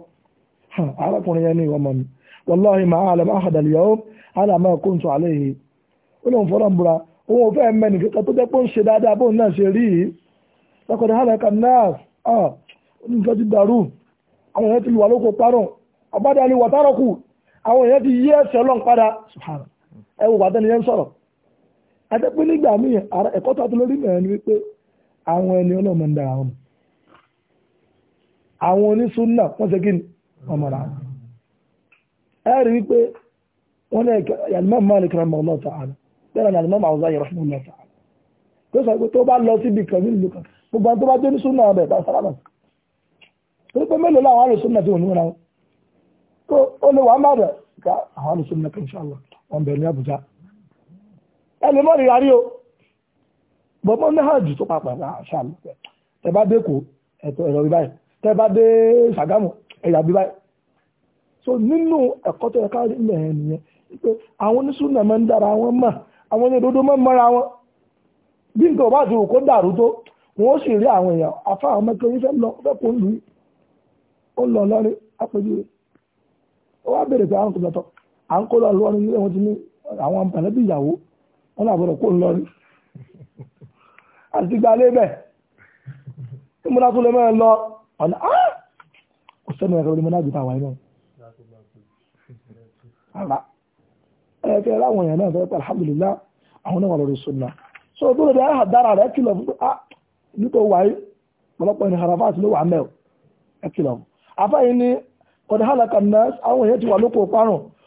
arákùnrin yẹn ní ìwọ mọ̀ mi wallahi ma a'lamu ahada al-yawm ala ma kuntu alayhi ó lóun fọ́nà búra òun fẹ́ mẹ́ni kankan tó jẹ́ pé ṣe dáadáa bóun àwọn èèyàn ti yí ẹ̀ṣẹ̀ ọlọ́run padà subhanahu ẹ wò bàtẹ́ni yẹn ń sọ̀rọ̀ àti pé nígbà míì ẹ̀kọ́ tó àti lórí mẹ́rin ni wípé àwọn ẹni ọlọ́mọ ń dára wọn àwọn onísúnnà wọ́n ṣe kí ni ọmọra ẹ rí wípé wọ́n ní yàlímọ́ Malik rahimahullah ta'ala bẹ́ẹ̀ ni yàlímọ́ Awza'i rahimahullah ta'ala tó sọ pé tó bá lọ síbi kan nílùú kan gbogbo àwọn tó bá dé ní súnnà rẹ̀ bá sára náà tó pé mélòó láwọn àlùsúnnà tí wọ́n ní wọn náà tó ó lè wà má rẹ̀ ká àwọn àlùsúnnà kan insha Allah ọ̀nbẹ ní Àbújá ẹni mọ́ ní rárí o bọ́bọ́ náà jù tó papà ṣáàlù tẹ bá dé kó ẹ̀tọ́ ẹ̀rọ bíbáyì tẹ so nínú ẹ̀kọ́ tó yẹ ká ilẹ̀ ẹ̀ nìyẹn pé àwọn oníṣúná máa ń dára wọn mọ̀ àwọn onídodo máa ń mọ́ra wọn bí nǹkan bá ti rò kó dàrú tó wọn ó sì rí àwọn èèyàn afá àwọn mẹ́kẹ́ yìí fẹ́ lọ fẹ́ kó ń lù ú ó lọ lọ́rí apẹ̀jú rẹ̀ ó wá bèrè pé àwọn kò lọ́tọ̀ à ń kó lọ lọ́rin nílé wọn ti ní àwọn mọ̀lẹ́bí ìyàwó wọn làbọ̀dọ̀ kó ń lọ́rin àti gbalé bẹ̀ tí mo dákúlẹ̀ mẹ́rin lọ ọ̀nà á kò sẹ́nu ẹ̀rọ onímọ̀ náà gbé tàwa iná ara ẹ̀ fẹ́ ráwọn èèyàn náà fẹ́ pẹ́ alhamdulillah àwọn náà wà lórí sunna so tó lè dára dára rẹ̀ kìlọ̀ fún ah nítorí wáyé pọ̀lọpọ̀ ní harafa àti ló wà mẹ́ ẹ̀ kìlọ̀ àfáyín ni kọ̀dá hàlàkà náà àwọn èèyàn ti wà lóko parùn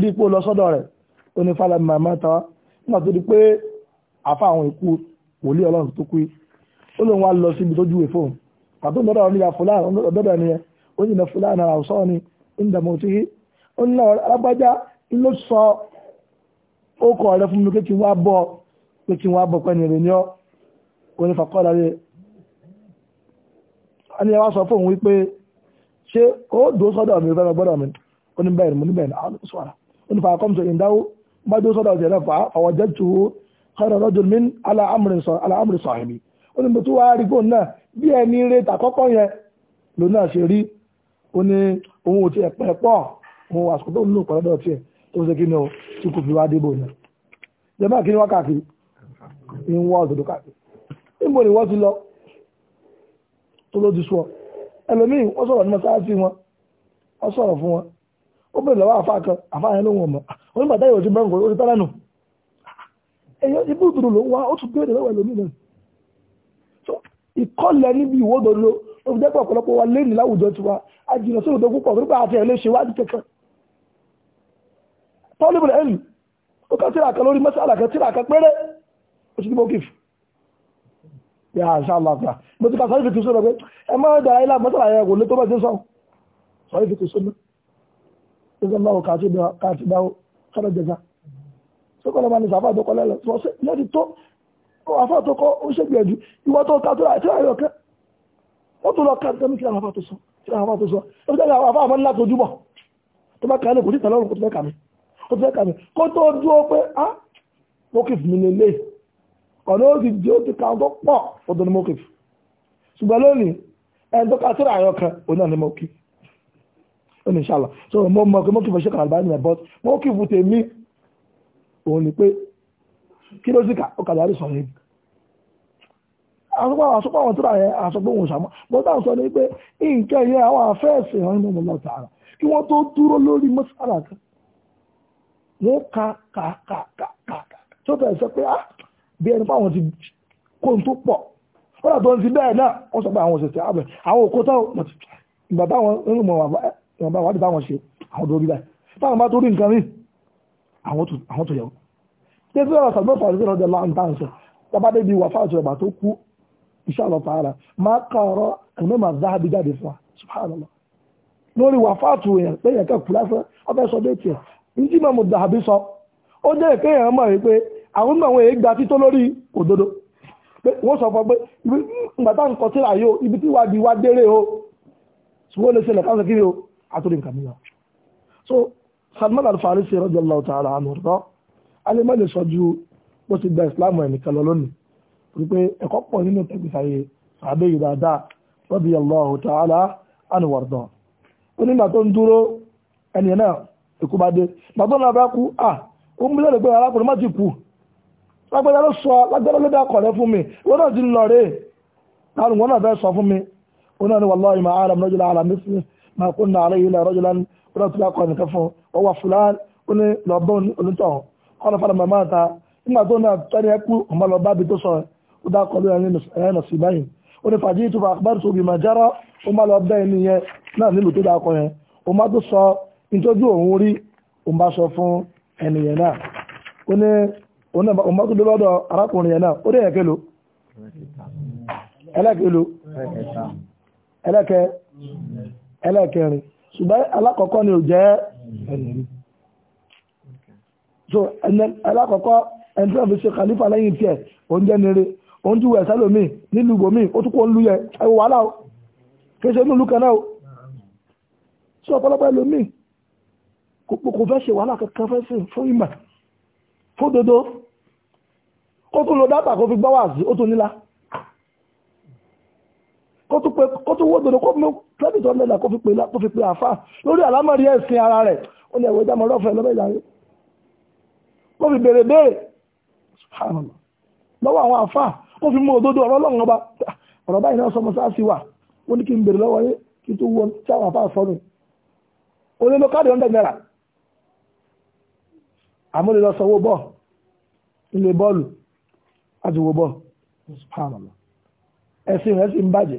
rí ipò lọ sọ́dọ̀ rẹ̀ ó ní fàlàmì màmá ta wá nígbà tó di pé àfa àwọn ìkú wòlíì ọlọ́run tó kú ó lóun wá lọ ibi tó júwe fóun pàtó lọ́dọ̀ ọ̀nìyà fúlàní ọ̀dọ́dọ̀ ẹni yẹn ó yìnbọn fúlàní ara ọ̀sọ́ ni ń dàmọ́ tí ó ní alágbájá sọ ó rẹ fún mi pé kí n wá pé kí n wá ní ó ní onífà kọ́mùsọ̀ ìdáwó bá dó sọ́dọ̀ ọ̀sẹ̀ lẹ́fà ọ̀wọ̀jẹ́ tó kọ́rọ̀ rọ́jò min aláàmùrì sọ̀hìnbí ó ní tó wá rí fóun náà bí ẹni rẹ̀ tàkọ́kọ́ yẹn ló náà ṣe rí ó ní òun ò ti ẹ̀pẹ́ pọ̀ òun àsìkò tó ń lò pọ̀ lọ́dọ̀ tiẹ̀ tó ń ṣe kí ni ó tí kò fi wá débò náà jẹ́mọ́ kí ni wọ́n káàkiri ń wọ́ òdòdó káàkiri níbo ni wọ́n ti lọ tó ló ti sọ ẹlòmíì wọ́n sọ̀rọ̀ ní mọ́sáàsì wọn wọ́n sọ̀rọ̀ fún wọn ó bẹ̀rẹ̀ lọ́wọ́ àfa kan àfa yẹn lóhun ọmọ onígbà táyọ̀ ojú bẹ́ẹ̀ ń gbòòrò tẹ́lẹ̀ nù èyàn ibú ìdúró ló ń wá ó tún béèrè lọ́wọ́ ẹlòmíì náà so ìkọlẹ̀ níbi ìwọ́dò ló ó fi dẹ́pọ̀ ọ̀pọ̀lọpọ̀ wa lẹ́nu láwùjọ tiwa a jìnà sí òdò púpọ̀ nípa àti ẹ̀ lè ṣe wádìí kankan paul ibùdó ẹ̀mí ó kọ́ tíra kan lórí mẹ́sàlá kan tíra kan péré ó ti dìbò kìf yà á ṣá lọ́kà mo ti ka sọ́yìn fi kìí sọ́nà pé ẹ má dàrá ilá mẹ́sàlá yẹn kò lé tó bá ti sọ́n sọ́yìn fi kìí sọ́nà ìzọ́láwò kàtíbáwò kọ́lọ̀ jẹta sókọ́lọ̀ bá ní sàfà tó kọ́ lẹ́lẹ̀ sọ lẹ́dí tó àfà tó kọ́ ó ṣe gbẹ̀jú ìwọ tó ká tó láti ráyọ̀ kẹ́ ó tó lọ káàkiri tẹ́mí kí àwọn àfà tó sọ kí àwọn àfà tó sọ ó fi tẹ́lẹ̀ àwọn àfà àfà ńlá tó júbọ̀ tó bá kàálẹ̀ kò sí tẹ̀lọ́rùn kò tó fẹ́ kàmí kò tó fẹ́ kàmí kó tó dúró pé á ah, mokif mi lè lè ọ̀nà ó ti di ó ti kàwọn tó pọ̀ ọ̀dọ̀ ni mokif ṣùgbọ́n lónìí ẹni tó ká tó ráyọ̀ òun náà ni mokif ó ní so mo mọ̀ pé mo kì í fẹ́ ṣe kàrà but mo kì í fún tèmi òun ni pé kí ló sì kà ó kàdà àrí sọ̀rọ̀ ibi àsopọ̀ àwọn tíra yẹn àsopọ̀ òun ṣàmọ́ mo tà ń sọ ni pé nǹkan yẹn àwọn afẹ́ẹ̀sì ìran inú ọmọlá tààrà kí wọ́n tó dúró lórí mọ́sálà kan wọ́n ka ka ka ka ka tí ó bẹ̀rẹ̀ sọ pé ah bí ẹni pé àwọn ti kó n tó pọ̀ ó dà tó ń ti bẹ́ẹ̀ náà wọ́n sọ pé àwọn òṣèṣẹ́ àbẹ̀ àwọn òkúta ìgbà táwọn ń mọ̀ wà báyìí ìwọ̀nba wà nípa àwọn ṣe àwọn tó rí báyìí táwọn bá tó rí nǹkan rí àwọn tó yẹ̀wò tí ó sọ̀rọ̀ sàgbọ́n fàájì sí ọjọ́ láàrín táwọn sọ tọ́ba débi wà fáwọn ìṣọ̀rọ̀ tó kú iṣẹ́ àlọ́ tààrà máa kààrọ̀ ẹ̀mẹ́mà záhàbí jáde fún wa subhanallah lórí wà fáàtù èèyàn pé èèyàn kẹ́kù lásán ọbẹ̀ sọ déètì ẹ̀ ń jí mọ̀mọ́ záhàbí sọ ó jẹ́ ìpé èèyàn mọ̀ wípé àwọn mọ̀ wọ́n gba títọ́ lórí òdodo wọ́n sọ fún pé ìgbà táwọn kọtíra yóò ibi tí wàá di wá déré o ṣùgbọ́n ó lè ṣẹlẹ̀ káwọn kiri o àtúndì nǹkan so Salman al-Farisi radiyallahu ta'ala anhu ọ̀rọ̀ alẹ́mọ́ lè sọ ju bó ti gba ìsìláàmù ẹ̀nìkan lọ lónìí wípé ẹ̀kọ́ pọ̀ nínú tẹ̀gbẹ̀sáyé sàbẹ̀ yìí dáadáa radiyallahu ta'ala anhu ọ̀rọ̀ ó nígbà tó ń dúró ẹni náà ikú bá dé bàbá náà bá kú à ó ń bí lọ́dọ̀ pé arákùnrin má ti kú lágbára ló sọ lágbára ló dá kọ̀rẹ́ fún mi wọn náà ti ń lọ rèé láàrùn wọn náà fẹ́ sọ fún mi wọn náà ni wallahi ma a'lam rajula ala mislihi ما كنا عليه إلا رجلا ولا تلاقى نكفه وهو فلان وني لبون ونطعه قال فلما مات إما دون الثاني يكو هم لباب تصعه وده قالوا يعني نصيبين وني فجيت فأخبرته بما جرى وما لبدا إني náà nílò tó dáa kan yẹn o má tó sọ ìtọ́jú òun rí o má sọ fún ẹnìyẹn náà ó ní o má tó lọ́dọ̀ arákùnrin yẹn náà ó dé ẹ̀kẹ́lò ẹlẹ́kẹ́lò ẹlẹ́kẹ́ ẹlẹ́ẹ̀kẹrin ṣùgbọ́n alákọ̀ọ́kọ́ ni ò jẹ́ ẹnìrí so alákọ̀ọ́kọ́ ẹni tí wọ́n fi ṣe kàlífà lẹ́yìn tiẹ̀ oúnjẹ nire oúnjẹ ìwẹ̀ sẹ́lòmíì nílùú ibòmíì ó tún kó ń lu yẹ ẹwọ wàhálà o kéṣe nílùú kan náà o sí ọ̀pọ̀lọpọ̀ ẹlòmíì kò fẹ́ ṣe wàhálà kankan fẹ́ sí fún ìmọ̀ tún lo dátà kó fi gbọ́ wàásì ó tún nílá kó tún wó dodo kó credit hundred naira kó fi pè kó fi pè àfa lórí àlámọ̀rí ẹ̀sìn ara rẹ̀ ó ní ẹ̀wọ̀ ìdámọ̀ ọlọ́fẹ́ lọ́bẹ̀ ìyá rẹ̀ kó fi béèrè béèrè lọ́wọ́ àwọn àfa ó fi mú òdodo ọ̀rọ̀ ọlọ́run ọba ọ̀rọ̀ báyìí náà sọmọ sáàsì wà ó ní kí n béèrè lọ́wọ́ yé kí n tó wọ tí àwọn àfa sọnù ó ní lọ káàdì hundred naira àmúlẹ̀ lọ sanwó bọ́ọ̀ ilé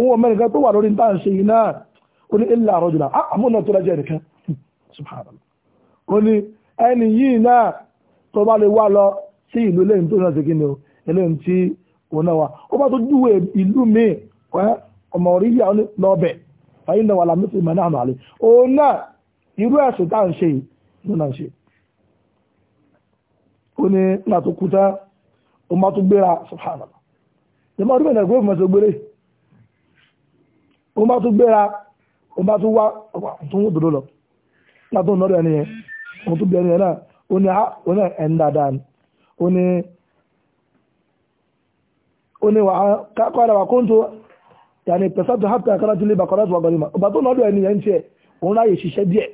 òun ọmọ nìkan tó wà lórí tá à ń ṣe yìí náà ó ní ilẹ̀ ah, àrọ́jù náà àmúnà tó lẹ́jẹ̀ nìkan subhanallah ó ní ẹni yìí náà tó bá lè wá lọ sí ìlú lẹ́yìn tó náà ṣe kí ni o eléyìí tí òun náà wà ó bá tó júwe ìlú míì ọmọ orí yà lọ́bẹ̀ fàyín náà wà lámísì mọ̀ náà nàlẹ́ òun náà irú ẹ̀sùn tá ṣe yìí náà ṣe ó nígbà tó kú tán ó má tó gbéra subhanallah ìmọ̀ orí bẹ̀rẹ̀ gbé ó bá tún gbéra ó bá tún wá tún wó dòdó lọ látó nọ́rọ̀ ẹni yẹn òun tún bí ẹni yẹn náà ó ní ah, ó ní ẹni dáadáa ni ó ní ó ní kákọ́ ara wà kó ń tó yàní pẹ̀sàtò hapkà kára tí lè bà kọ́ra tó wà gọ́lìmọ̀ ọba tó nọ́rọ̀ ẹni yẹn tiẹ̀ òun ráyè ṣiṣẹ́ díẹ̀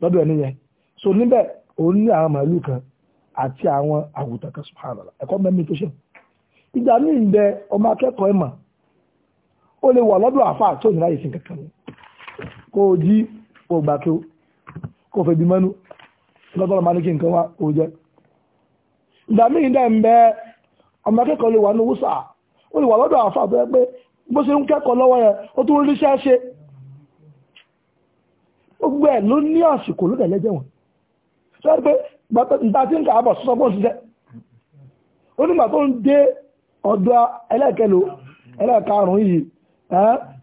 lọ́dọ̀ ẹni yẹn so níbẹ̀ òun ní àwọn màálù kan àti àwọn àwùtàn kan subhanallah ẹ̀kọ́ mẹ́mí tó ṣe ìgbà míì ń bẹ ọmọ akẹ́kọ̀ọ́ ẹ̀mọ̀ ó lè wà lọ́dọ̀ àfà tí ní láyé sí kankan kó o jí ògbà tó kó o fẹ́ bí mẹ́nu lọ́tọ́rọ̀ máa ní kí nǹkan wá o jẹ́ ìgbà míì ń bẹ ọmọ akẹ́kọ̀ọ́ lè wà ní wúsà ó lè wà lọ́dọ̀ àfà tó yẹ pé bó ṣe ń kẹ́kọ̀ọ́ lọ́wọ́ yẹn ó tún ríṣẹ́ ṣe ló ní àsìkò ló tẹ̀lé jẹ́ wọn pé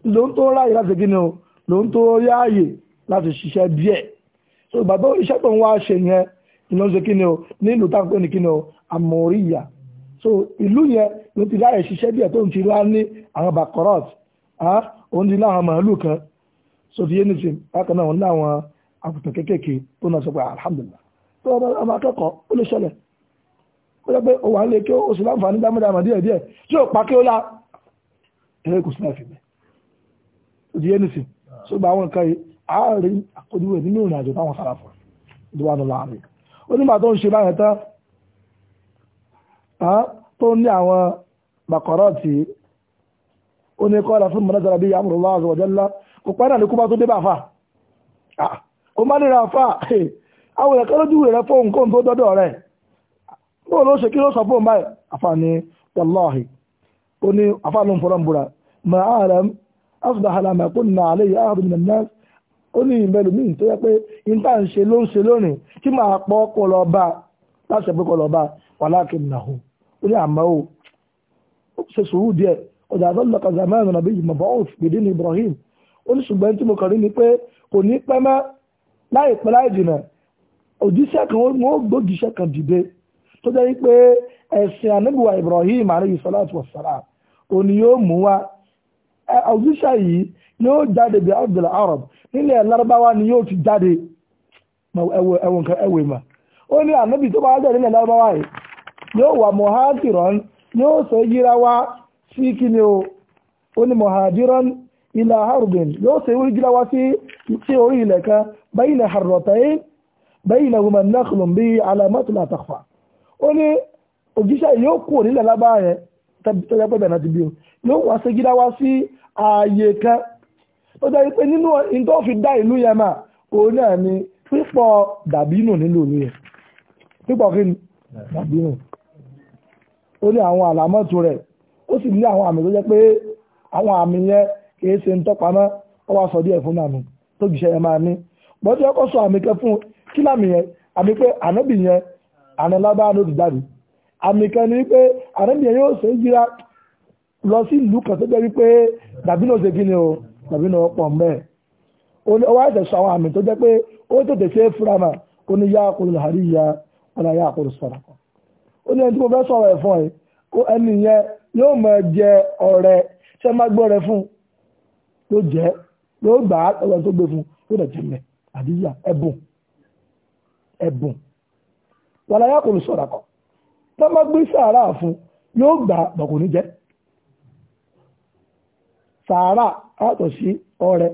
ló ń tó ráyè láti gíní o ló ń tó ráyè láti ṣiṣẹ́ díẹ̀ so bàbá iṣẹ́ tó ń wá ṣe yẹn ìlú ń ṣe o ní kíní so ìlú yẹn ló ti ráyè ṣiṣẹ́ díẹ̀ tó ń ti rá ní àwọn baccarat òun ti láwọn màálù kan so bákan náà òun láwọn tó náà sọ pé tó akẹ́kọ̀ọ́ ó lè ṣẹlẹ̀ ó yẹ pé ń lè kí ó sì láǹfààní díẹ̀díẹ̀ ẹ̀rẹ́ kò sínú àfihàn ó di ẹnìsì tó gba àwọn nǹkan yìí àárín àkójúwẹ̀ nínú ìrìn àjò táwọn sára fún ìdíwà náà láàrin ó nígbà tó ń ṣe báyẹn tán tó ní àwọn bàkọ̀rọ̀ tí ó ní kọ́ra fún mọ̀nàjára bí àmúrò lọ́wọ́ àzọ̀wọ̀ jẹ́lá kò pẹ́ náà ní kúbá tó dé bá fà kò má nira fà àwọn ẹ̀kọ́ lójú rẹ̀ fóun kóun tó dọ́dọ̀ rẹ̀ bóun ló ṣe kí ló sọ fóun báyìí àfààní wallahi ó ní afáàlùm fọ́lọ́m búra ma ààrẹm afúdáhàlà ma kó nà àlẹ́ yìí ààrùn nà náà ó ní ìbẹ̀lú míì tó yẹ pé ìta ń ṣe ló ń ṣe lónìí tí máa pọ́ kó lọ bá láṣẹ pé kó lọ bá wà láàkì nàhù ó ní àmọ́ ò ṣe sùúrù díẹ̀ zamanu nàbí yìí mọ̀bọ́ òf gbèdé ní Ibrahim ó ní ṣùgbọ́n tí mo kàn ni pé kò ní pẹ́ mọ́ láìpẹ́ láì jìnà òjíṣẹ́ kan ó gbóògìṣẹ́ kan dìde tó jẹ́ pé ẹ̀sìn anábìwá Ibrahim alayhi salatu wa salam òní yóò mú wa ọ̀dúnṣà yìí yóò jáde bí abdul arab nílẹ̀ larabawa ni yóò ti jáde ẹwọ nǹkan ẹwẹ mà ó ní ànábì tó bá wá jáde nílẹ̀ larabawa yìí yóò wà mohadiron yóò sọ yíra wá sí kíni o ó ní mohadiron ilà harubin yóò sọ yíra wá sí sí orí ilẹ̀ kan bayna harratain bayna huma nakhlun bí alamatul atakfa ó ní òjíṣẹ́ yóò kúrò nílẹ̀ lábára yẹn tẹ́lẹ̀ pẹ́ bẹ̀rẹ̀ bí o yóò wá sí gídá ààyè kan ó jẹ́ pé nínú ìtọ́ fi dá ìlú yẹn mà òun náà ni pípọ̀ nínú ìlú yẹn pípọ̀ kí ni dàbínù ó ní àwọn àlámọ́tò rẹ̀ ó sì ní àwọn àmì tó jẹ́ pé àwọn àmì yẹn ṣe ń tọ́pamọ́ ó wá sọ díẹ̀ fún tó jìṣẹ́ yẹn máa ní ọkọ̀ sọ àmì kẹ fún kí àmì kan ni pé yóò ṣe yíra lọ sí ìlú kan tó jẹ́ wípé dàbínú ṣe o dàbínú pọ̀ mẹ́ẹ̀ ó wá ẹ̀sẹ̀ sọ àwọn àmì tó jẹ́ pé ó tètè ṣe é fura mà ní yá àkóró làárí ya ọ̀nà yá sọ̀rọ̀ kan ó ní ẹni tí mo fẹ́ sọ̀rọ̀ ẹ̀ fún ẹ kó ẹni yẹn yóò máa jẹ ọ̀rẹ́ ṣe máa gbọ́ fún ló jẹ́ ló gbà á tó gbé fún ló dẹ̀ tó bá gbé sàárà fún yóò gbà bọ̀kù ní jẹ́ sàárà ọ̀tọ̀ sí ọrẹ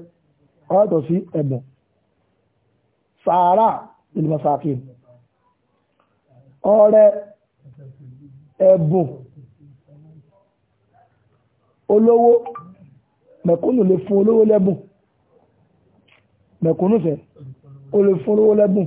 ọ̀tọ̀ sí ẹ̀bùn sàárà ìlúmọ̀sáàkì ọrẹ ẹ̀bùn olówó mẹ̀kúnnù lè fún olówó lẹ́bùn mẹ̀kúnnù fẹ́ o fún olówó lẹ́bùn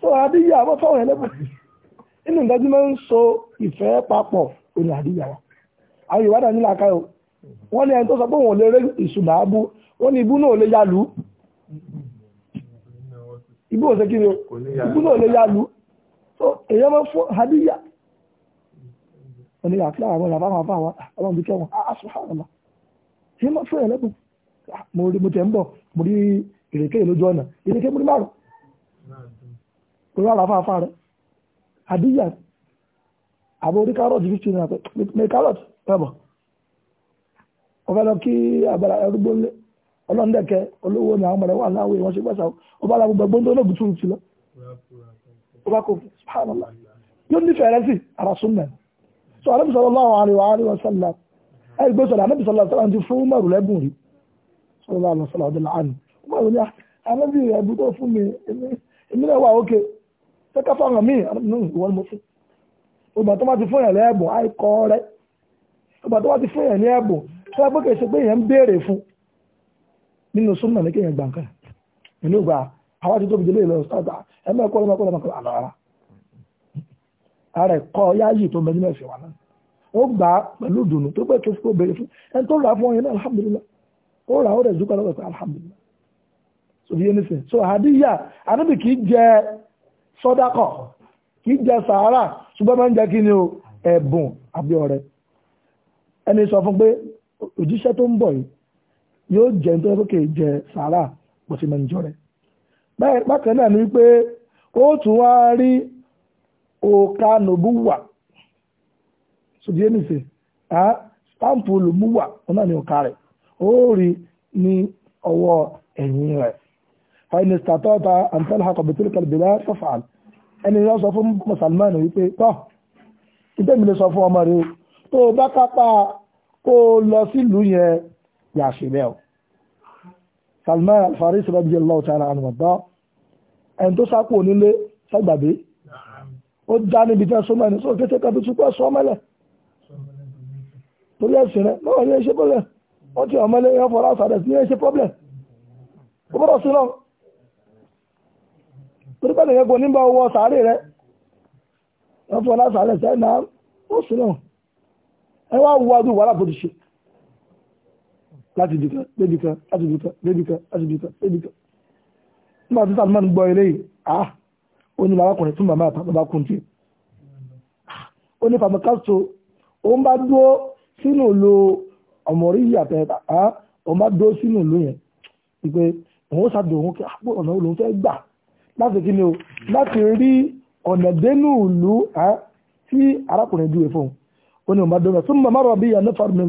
so àdíyà wọ́n fọ́wọ́ ẹlẹ́bùn inú ìdájú máa ń so ìfẹ́ papọ̀ òní àdíyà wa àwọn ìwádà nílà káyọ̀ wọ́n ní ẹni tó sọ pé òun ò lè rí ìṣùnà abú wọ́n ní ibú náà ò lè yálù ibú òsè kí ni ibú náà ò lè yálù so èèyàn máa ń fọ́ àdíyà wọ́n ní àfíà àwọn ìlànà àwọn àfáà àwọn òbí kẹwọn àṣùhàn ah, ọ̀la èèyàn máa fọ́ ẹlẹ́bùn ah, mo tẹ̀ ń bọ̀ mo rí ìrèké ìlójú ọ̀nà ìrèké múrí márùn orí àlàáfáàfá rẹ̀ àdíyà àbò orí kárọ̀tì fifty naira pé mi kárọ̀tì rẹ̀bọ̀ ọba lọ kí àgbàrá ẹrúgbó ńlẹ̀ ọlọ́ndẹ̀kẹ́ olówó ni àwọn mọ̀rẹ̀ wà láwé wọn ṣe gbẹ́sà ọba lọ gbogbo ẹgbẹ́ olóògùn tún ti lọ ọba kò subhanallah yóò nífẹ̀ẹ́ rẹ̀ sí ara súnmẹ̀ so Ànábì sallallahu alaihi wa sallam ẹgbẹ́ sọ̀rọ̀ Ànábì sallallahu alaihi wa sallam ti fún mọ̀rù lẹ́bùn rí sallallahu alaihi wa ọdún láàánú ọmọ ìwé anábì ah, ẹ̀bù tó fún mi èmi náà wà ókè tẹ́ka fáwọn míì ìwọ ni mo fún ìgbà tó bá ti fún yẹn lẹ́ẹ̀bùn àìkọ́ rẹ ìgbà tó bá ti fún yẹn ní ẹ̀bùn tó bá gbókè ṣe pé yẹn ń béèrè fún nínú súnmọ̀ ní kéèyàn gbàǹkà ìlú ìgbà àwọn àti tóbi délé ìlọ ṣáàtà ẹ̀mọ́ ẹ̀kọ́ lọ́mọ ẹ̀kọ́ lọ́mọ ẹ̀kọ́ àlọ́ra ààrẹ kọ́ yáyì tó mẹ́jì mẹ́fẹ̀ wà náà ó gbà pẹ̀lú ìdùnnú tó pẹ́ kéfì kó béèrè fún ẹni tó rà fún ọyàn náà alhamdulillah ó rà ó rẹ̀ zúkọ́ lọ́wọ́ alhamdulillah sòrí anything so àdíyà àdíbì kì í jẹ sọdakọ kì í jẹ sàárà ṣùgbọ́n máa ń jẹ kí ni o ẹ̀bùn àbí ẹni sọ fún pé òjíṣẹ́ tó ń bọ̀ yìí yóò jẹ nítorí pé kì í jẹ sàárà bó ti máa ń jọ rẹ ni pé ó tún فإن استطعت أن تلحق بتلك البلاد فافعل ẹni yọ sọ fún musulman wípé tọ́ ìtẹ́mi lè sọ fún ọmọ rẹ tó o bá kápá kó o lọ sílùú yẹn yà ṣe bẹ́ẹ̀ o Salman al-Farisi radiyallahu ta'ala anhu ọ̀dọ́ ẹni tó sápò onílé sẹ́gbàdé ó já níbi tẹ́ súnmọ́ ẹni sọ kété kan tó tún pẹ́ sọ́mọ́lẹ̀ tó lẹ́sìn rẹ̀ lọ́wọ́ ní ẹ ṣe bọ́lẹ̀ wọ́n ti ọmọlé yẹn fọ́ra sàrẹ̀ sí ní ẹ ṣe pọ́blẹ̀ ó bọ́dọ̀ sí náà torí pẹ́lú yẹn kò ní bá owó sàárè rẹ wọ́n fún ọ lásàárè sẹ́yìn náà ó sì náà ẹ wá wo adúgbò wàhálà tó ti ṣe láti dìkan débi láti dìkan débi láti dìkan débi nígbà tí sàmúmá ń gbọ́ eléyìí ah ó ní bàbá kùnrin fún bàbá àtà bàbá kùn tí ó ní bàbá kásítò òun bá dúró sínú lo ọmọ orí yàtọ̀ ẹ̀ta òun bá dúró sínú lo yẹn wípé òun ó sàdùn òun kí àpò ọ̀nà òun fẹ́ gbà láti kí ni o láti rí ọ̀nà dénú ìlú tí arákùnrin júwe fún un ó ní ọba dọ́nà súnmọ́ márùn bí ìyànà fàrùmí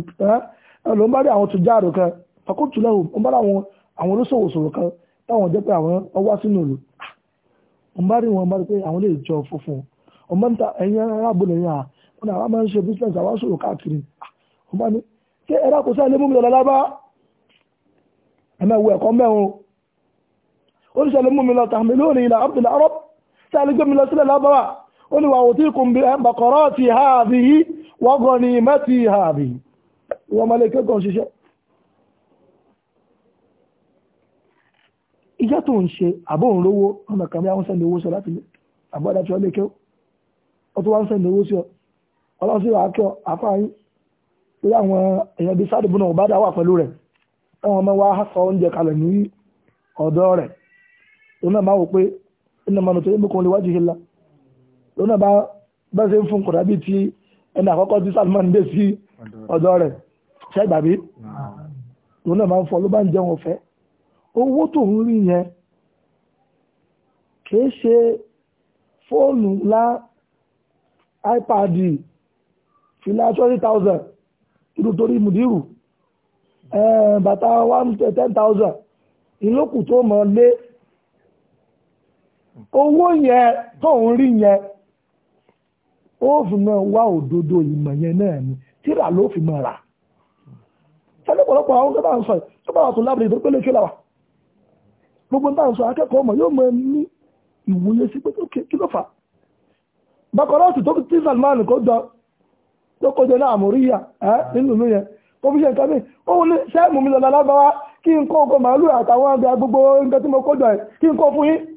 ló ń bá rí àwọn tùjá àrò kan fàkóòtù lẹ́hùn ó bá rí àwọn àwọn olóṣòwò sọ̀rọ̀ kan táwọn jẹ́ pé àwọn ọwá sínú ìlú ó ah, bá rí wọn bá rí pé àwọn lè jọ funfun ó ń ta ẹ̀yìn arábò lẹ́yìn à ah, ó ní àwọn máa ń ṣe business àwọn sọ̀rọ̀ káàkiri ó ah, bá ṣé ẹ̀rá oníṣẹ́lẹ̀ mú mi lọ tàmí lónìí ilẹ̀ abdul na sẹ́lẹ̀ gbé mi lọ sílẹ̀ lábáwá ó ní wà ó tí kùn bí ti ha àbí yí wọ́gọ̀ ha tó ń ṣe àbóhùn lówó ọmọ kan bí àwọn sẹ́ni owó sọ láti lé àbọ̀dá tí wọ́n lè kẹ́kọ̀ọ́ tó wá ń sẹ́ni owó sí ọ ọlọ́run sí àákẹ́ lórí àwọn èèyàn bíi dá wà pẹ̀lú rẹ̀ ọmọ wa sọ oúnjẹ kalẹ̀ ní ọ̀dọ́ òun náà máa wò pé iná máa nùtò ẹ̀mí kan lè wájú ìlà òun bá bá ṣe ń fún kọ̀dà bíi ti ẹni àkọ́kọ́ tí Salman dé sí ọ̀dọ̀ rẹ̀ ṣe gbàgbé òun náà máa ń fọ ló bá ń jẹun ọ̀fẹ́ owó tó ń rí yẹn kìí ṣe fóònù ńlá iPad fìlà twenty thousand irú torí mùdírù eh, bàtà one ten thousand ìlókù tó mọ̀ lé owó yẹn tó ń rí yẹn ó fi máa wá òdodo ìmọ̀ yẹn náà ni tíra ló fi máa rà sẹ́ni pọ̀lọpọ̀ àwọn tó bá ń sọ tó gbogbo bá ń sọ akẹ́kọ̀ọ́ yóò máa ní ìwòye sí pé kí ló fà tó jọ tó kó jọ náà nínú yẹn kó fi mo kó jọ kí n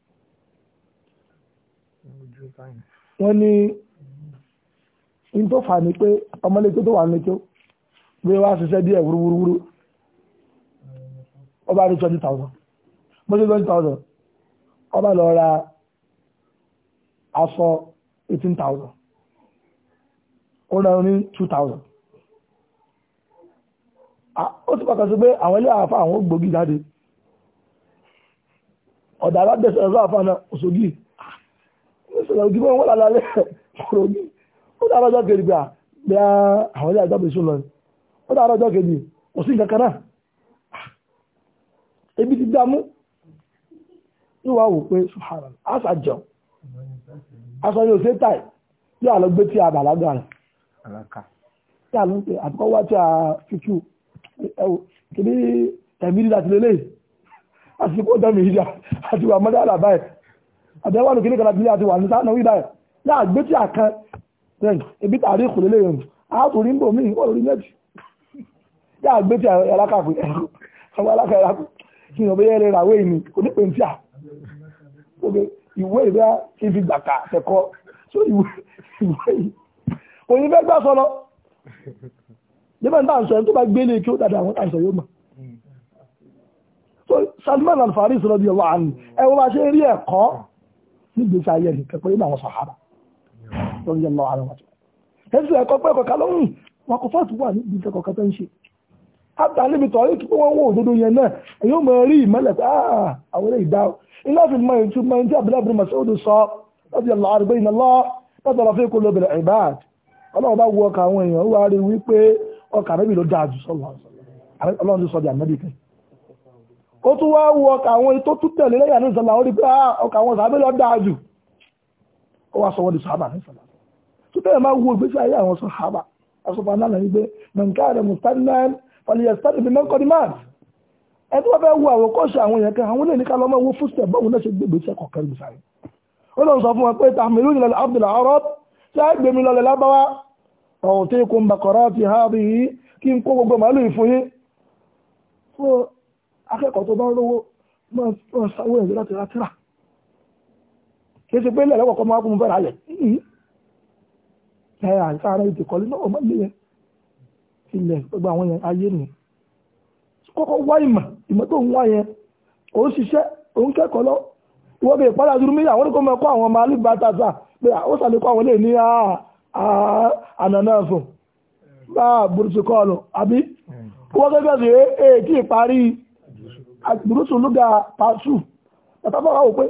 wọ́n ní in tó fà ní pé ọmọlẹ́tọ́ tó wà ní tó gbé wá ṣiṣẹ́ díẹ̀ wúrúwúrú ọba ní 20,000 mọ́ sí 20,000 ọba lọ ra aṣọ 18,000 ó rẹ̀ ní 2,000 ó ti pàkà sí pé àwọn ilé àwọn àfáà wọ́n gbògi jáde ọ̀dà alábẹ̀sẹ̀ ẹ̀rọ àfáà náà òṣògì yìí sọ̀rọ̀ ojúbọ wọn lálẹ́ alẹ́ sọ̀rọ̀ ojú ó dára ọjọ́ kejì gbà bí a àwọn ilé àjọpọ̀ ìṣúná ni ó dára ọjọ́ kejì kò sí nǹkan kan náà ebi ti dààmú yóò wá wò pé sùhàrà àṣà jẹun aṣọ ni òṣèlú táì yóò àlọ gbé tí a bàlágà rẹ̀ tí a ló ń pè àtúkọ́ wá tí a fífú ẹwò kìí ẹ̀mí lílá ti lélẹ̀ àsìkò dẹ́mi ìjà àti wà mọ́dá àlàbáyé àbẹ̀wọ́lù kìíní kan àbílẹ̀ àti wà ní sáà náà wí báyìí láà gbé tí àkan ebi tàrí kò lélẹ̀ yẹn àtòrí ń bò mí ó lórí méjì láà gbé tí alákàkù ọmọ alákà ẹ̀rákù kí ìyàn bẹ́yẹ́ rẹ̀ ràwé ìní onípe ní tí à ìwé ìwé ìfi gbàkà tẹ̀kọ́ só ìwé òyìnbẹ́ gbà sọ́lọ́ nígbà tá à ń sọ ẹni tó bá gbélé kí ó dàda àwọn tá à ń sọ yóò mọ̀ so Salman al-Faris radiyallahu anhu ẹ wọ́n bá ṣe rí ẹ̀kọ́ nígbèsí ayé rẹ̀ kẹ́kọ̀ọ́ nínú àwọn sàhábà lórí ẹ̀lọ́ ara wọn. ẹ̀sùn ẹ̀kọ́ pé ẹ̀kọ́ kálọ́rùn wọn kò fọ́ọ̀tù wà níbi iṣẹ́ kọ̀ọ̀kan tó ń ṣe. ábà níbi tọ́ yóò kíkọ́ wọn òdodo yẹn náà èyí ò rí ìmọ́lẹ̀ pé ah, àwọn ìdá iná fi mọ mọ sọ iná lọ ibad ọlọ́run bá wọ ọkà àwọn èèyàn wá rí wípé ọkà rẹ̀ ló dáa jù sọ́lọ́ di ó tún wá wọ ọkà àwọn ètò tó tẹ̀lé lẹ́yìn àní ìsọ̀lá orí pé ah, ọkà àwọn sàábé lọ dáa jù ó wá sọ wọ́n di sàábà ní ìsọ̀lá tó tẹ̀lé máa wo ìgbésí ayé àwọn sàábà asọ̀fà náà ní pé nàǹkà rẹ̀ mùsàlùmí fàlìyà sàdì bí mẹ́kọ́ ní mars ẹ tó wá fẹ́ wo àwọn kọ́ṣù àwọn èèyàn kan àwọn ènìyàn kan lọ́mọ wo fúsẹ̀ bọ́ọ̀n náà ṣe gbé ìgbésẹ̀ kọ̀ọ̀kan gbèsè akẹ́kọ̀ọ́ tó bá rówó máa sáwó ẹ̀rí láti ra tíra kìí ṣe pé ilẹ̀ lọ́kọ̀ọ́kọ́ máa kún fẹ́ra lẹ̀ mm-hmm. ẹ̀ àìsá ara ètò ìkọ́lé náà ọmọ ilé yẹn ilẹ̀ gbogbo àwọn yẹn ayé nì kọ́kọ́ wá ìmọ̀ ìmọ̀ tó ń wá yẹn ó ń ṣiṣẹ́ ó ń kẹ́kọ̀ọ́ lọ ìwọ́n bèèrè padà dúró mílíọ̀nù àwọn oníkó máa kọ́ àwọn ọmọ alíbàtàtà pé ó sàlékọ́ àwọn ilé ní ànànà fún bá burúkú kọ́ ọ lọ àbí mm. wọ́n gẹ́gẹ́ sí èé tí àgbèrúsù lóga pàṣù tàbára wò pé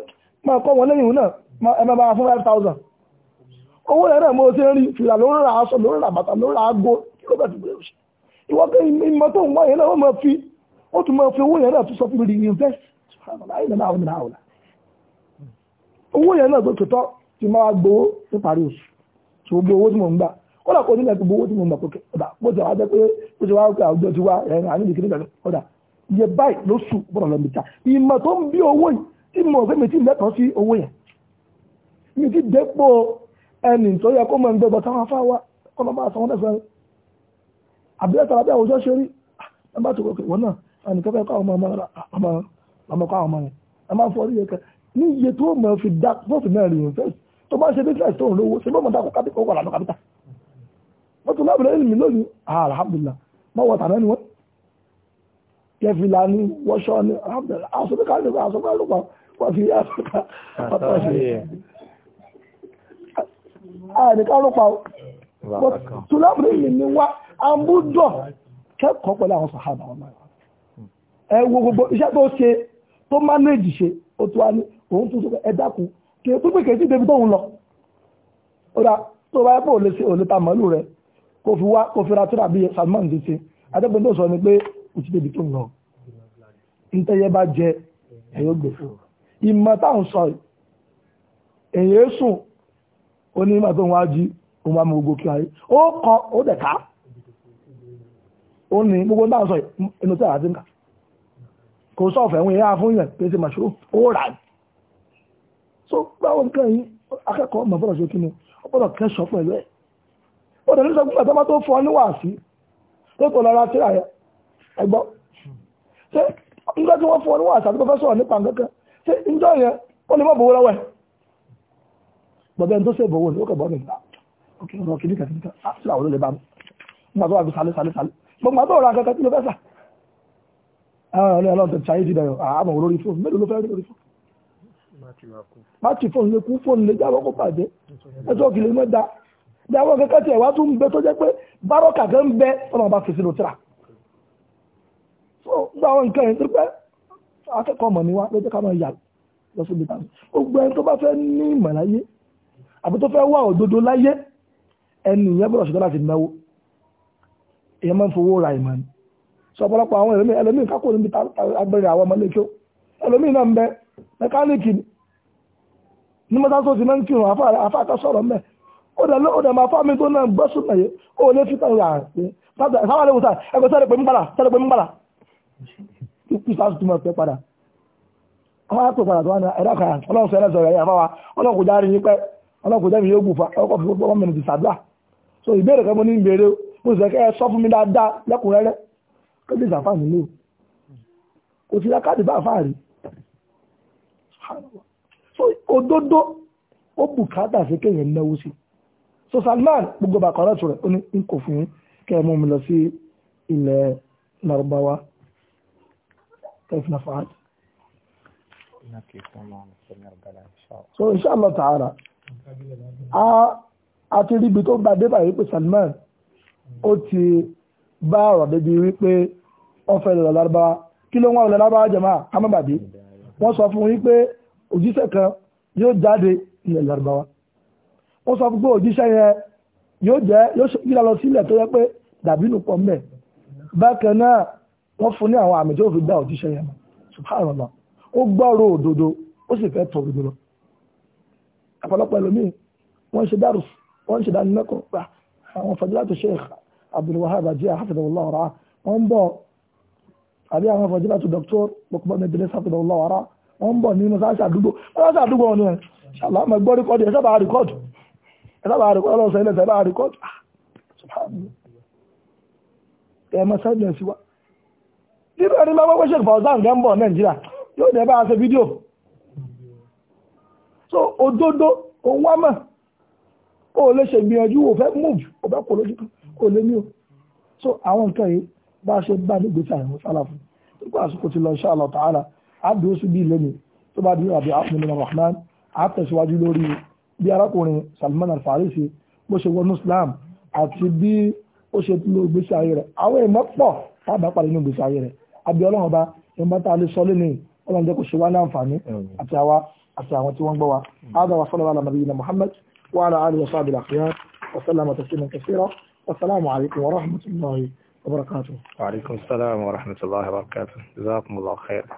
máa kọ́ wọn lẹ́yìn náà ẹ̀mẹ́ bá fún 5,000 owó rẹ̀ náà mo ṣe rí fìlà ló rà aṣọ ló rà bàtà ló rà ago kí ló bẹ̀ fi gbé òṣì ìwọ́n pé ìmọ̀ tó ń wá yẹn náà ó máa fi ó tún máa fi owó yẹn náà tún sọ fún mi invest owó yẹn náà tó tọ́ ti máa gbowó ní parí oṣù tí ó gbé owó tí mo ń gbà kọ́lá kò ní lẹ́kọ̀ọ́ owó iye báyìí lóṣù gbọ́dọ̀ lọ́mọ ìjà ìmọ̀ tó ń bí owó yìí tí mo fẹ́ mi ti lẹ́tọ̀ọ́ sí owó yẹn mi ti dépò ẹni tó yẹ kó máa ń gbẹgbọ táwọn afá wa kọ́ lọ́ máa sanwó lẹ́sẹ̀ rẹ̀ àbílẹ̀ tàbí àwọn òṣìṣẹ́ ṣe rí ah, ẹgbà tó kọ̀kọ̀ ìwọ̀n náà ẹnìkan fẹ́ káwọn ọmọ ah, káwọn ọmọ yẹn ẹ máa ń fọ́ oríyẹ kẹ ní iye tó mọ̀ fi dá fọ́ọ̀fì náà rí invest tó bá ṣe business tó ń lówó ṣe mọ̀ dákọ̀ kápítà ó wà lánà kápítà wọ́n tún lábìlẹ̀ ìlú mi lónìí ah, alhamdulillah mọ́ wọ́n tàná ni wọ́n kẹfìlà ní wọ́ṣọ́ ní àṣọ́bíkà ní àṣọ́bálùpá wọ́fí àṣọ́bíkà àtọ́ṣẹ́ àìníkálùpá tùlábìrì ní wá àmújọ kẹ́kọ̀ọ́ pẹ̀lú àwọn sàhánà ọmọ ẹwọ gbogbo iṣẹ́ tó ṣe tó mánéjì ṣe ó tó wá ní òun tó sọ́kọ̀ ẹ̀dákun kí tó pé kèsì débi tóun lọ ọ̀dà tó bá Salman ti ṣe adébẹ̀ntó sọ ó ti débi tó ń lọ ntẹ́yẹ bá jẹ ẹ̀yọ́ gbè fún ìmọ̀ táwọn sọ èyí sùn ó ní ìmọ̀ tó ń wá jí òun wá mú gbogbo kí ayé ó kọ ó dẹ̀ ká ó ní gbogbo táwọn sọ inú tí àti nǹkan kò sọ ọ̀fẹ́ wọn yára fún yẹn pé ṣe màṣúrò ó rà so báwo nǹkan yìí akẹ́kọ̀ọ́ mọ̀ bọ́dọ̀ ṣe kí ni ó bọ́dọ̀ kẹ́sọ̀ pẹ̀lú ẹ̀ ó dẹ̀ ní sọ pé àtọ́mọ́ tó ẹgbọ́ ṣe nígbà tí wọ́n fún ọ níwọ̀n àṣà tó fẹ́ sọ̀rọ̀ nípa nǹkan ṣe ìjọ yẹn ó lè má bòwó lọ́wọ́ ẹ̀ bọ̀bẹ́ ní tó ṣe bòwó ní ó kẹ̀bọ́ nìgbà òkè ọ̀rọ̀ kìíní kàkìíní kan á sílà wọlé lè bá mi nígbà tó wà fi sálé sálé sálé gbogbo àtọ̀ ọ̀rọ̀ akẹ́kẹ́ tí ló fẹ́ sà àwọn ah, ọ̀rẹ́ ọlọ́run tẹ̀ ṣayé ti dẹ̀yọ̀ ah, àmọ̀ olórí fóònù mélòó ló fẹ́ rí lórí fóònù máti fóònù lè kú fóònù lè jábọ́ kó pàdé ẹjọ́ òkè lè mọ́ da ìyàwó kẹ́kẹ́ tí ẹ̀wá tún ń bẹ tó jẹ́ pé bárọ́kà kan ń bẹ ọmọ bá fèsì lò tíra so gba àwọn nǹkan yẹn tó pẹ́ akẹ́kọ̀ọ́ mọ̀ ní wá ló jẹ́ ká máa yà lọ síbi táwọn gbogbo ẹni tó bá fẹ́ ní ìmọ̀ láyé àbí tó fẹ́ wá òdodo láyé ẹni ìyẹn gbọ́dọ̀ ṣetán láti náwó èèyàn máa ń fowó ra ìmọ̀ ni sọ ọ̀pọ̀lọpọ̀ àwọn ẹlòmíì ẹlòmíì kákò níbi agbẹ̀rẹ̀ àwọn ọmọ lẹ́kọ́ ẹlòmíì náà ń bẹ mẹkáníìkì ní mọ́tàtó ti máa ń kírun àfáàtà sọ̀rọ̀ mẹ́ ó dẹ̀ ó dẹ̀ máa fọ́ mi tó náà gbọ́sùn náà yé ó lé fi tàn yà sáwà lè wò sáà ẹgbẹ́ sẹ́rẹ̀ kí sáà túnmọ̀ pẹ́ padà àwọn àtò padà tó wà ní ẹ̀dá kan ọlọ́run sọ ẹlẹ́sọ̀ rẹ̀ àfáwa ọlọ́run kò járe yín pẹ́ ọlọ́run kò jẹ́ mi yóò gùn fa ọkọ̀ fi fọ́n mẹ́rin ti sàdúrà so ìbéèrè kan mo ní ìbéèrè mo sì kẹ́ ẹ sọ fún mi dáadáa lẹ́kùnrẹ́rẹ́ kó lè sàfà nílé o kò sí lákàtì bá àfáà rí so òdodo ó bùkátà sí kéèyàn náwó sí so Salman gbogbo bàkọ́rọ̀ tó rẹ̀ ó ní kò fún kẹ́ ẹ mú mi lọ sí ilẹ̀ Lárúbáwá كيف نفعل so inshallah ta'ala a a ti rí ibi tó gba dé báyìí pé Salman ó ti bá ọ̀rọ̀ débi wípé ọ̀fẹ́ ìlọ lárúbá kí ló ń wá ìlọ lárúbá jẹ̀má amábàdé wọ́n sọ fún wípé òjíṣẹ́ kan yóò jáde ilẹ̀ lárúbá wa wọ́n sọ fún pé òjíṣẹ́ yẹn yóò jẹ́ yóò ṣe lọ sílẹ̀ tó yẹ pé dàbínú pọ̀ mẹ́ bákan náà wọ́n fún ní àwọn àmì tí ó fi gbá òjíṣẹ́ yẹn mọ̀ subhanallah ó gbọ́rọ̀ òdodo ó sì fẹ́ tọ̀ òdodo lọ ọ̀pọ̀lọpọ̀ ẹlòmíì wọ́n ṣe dárò wọ́n ṣe dánilẹ́kọ̀ọ́ gbà àwọn fadilatu sheikh abdulwahab ajiya hafidhahullah wara wọ́n ń bọ̀ àbí àwọn fadilatu doctor pọ̀pọ̀ mẹ́tẹ́lẹ́ hafidhahullah wara wọ́n ń bọ̀ ní mọ́sáàsì àdúgbò mọ́sáàsì àdúgbò wọn ni ẹ̀ ṣàlọ́ àmọ́ gbọ́ irú ẹni lọ́wọ́ pé Sheikh Fauzan gẹ́ ń bọ̀ Nàìjíríà yóò dẹ̀ bá a ṣe fídíò so òdodo òun wá mọ̀ ó lè ṣe gbìyànjú ò fẹ́ move ò fẹ́ kò lójú kò lè mí o so àwọn nǹkan yìí bá a ṣe bá nígbèsè àyẹ̀wò sálà fún nígbà àsìkò ti lọ insha Allah àdúró sí bí lónìí tó bá dúró àbí àfúnni Rahman àtẹ̀síwájú lórí bí arákùnrin Salman al bó ṣe wọnú Islam àti bí ó ṣe lo ìgbésí ayé rẹ̀ àwọn ìmọ̀ pọ̀ tábà pàdé ní ìgbésí ayé rẹ̀ àbí ọlọ́run ọba ìmọ̀ta alẹ́ sọ lé lè sọ jẹ́ kó ṣe wá ní àǹfààní àti àwa àti àwọn tí wọ́n gbọ́ wa ága wa sọ́lọ́wà lọ́nà bíi muhammad wa ala alihi wa sahbihi al-akhyar wa sallama tasliman kathira wa salaamu alaykum wa rahmatullahi wa barakatuh. wa alaykum salaam wa rahmatullahi wa barakatuh. jazakumullahu khairan.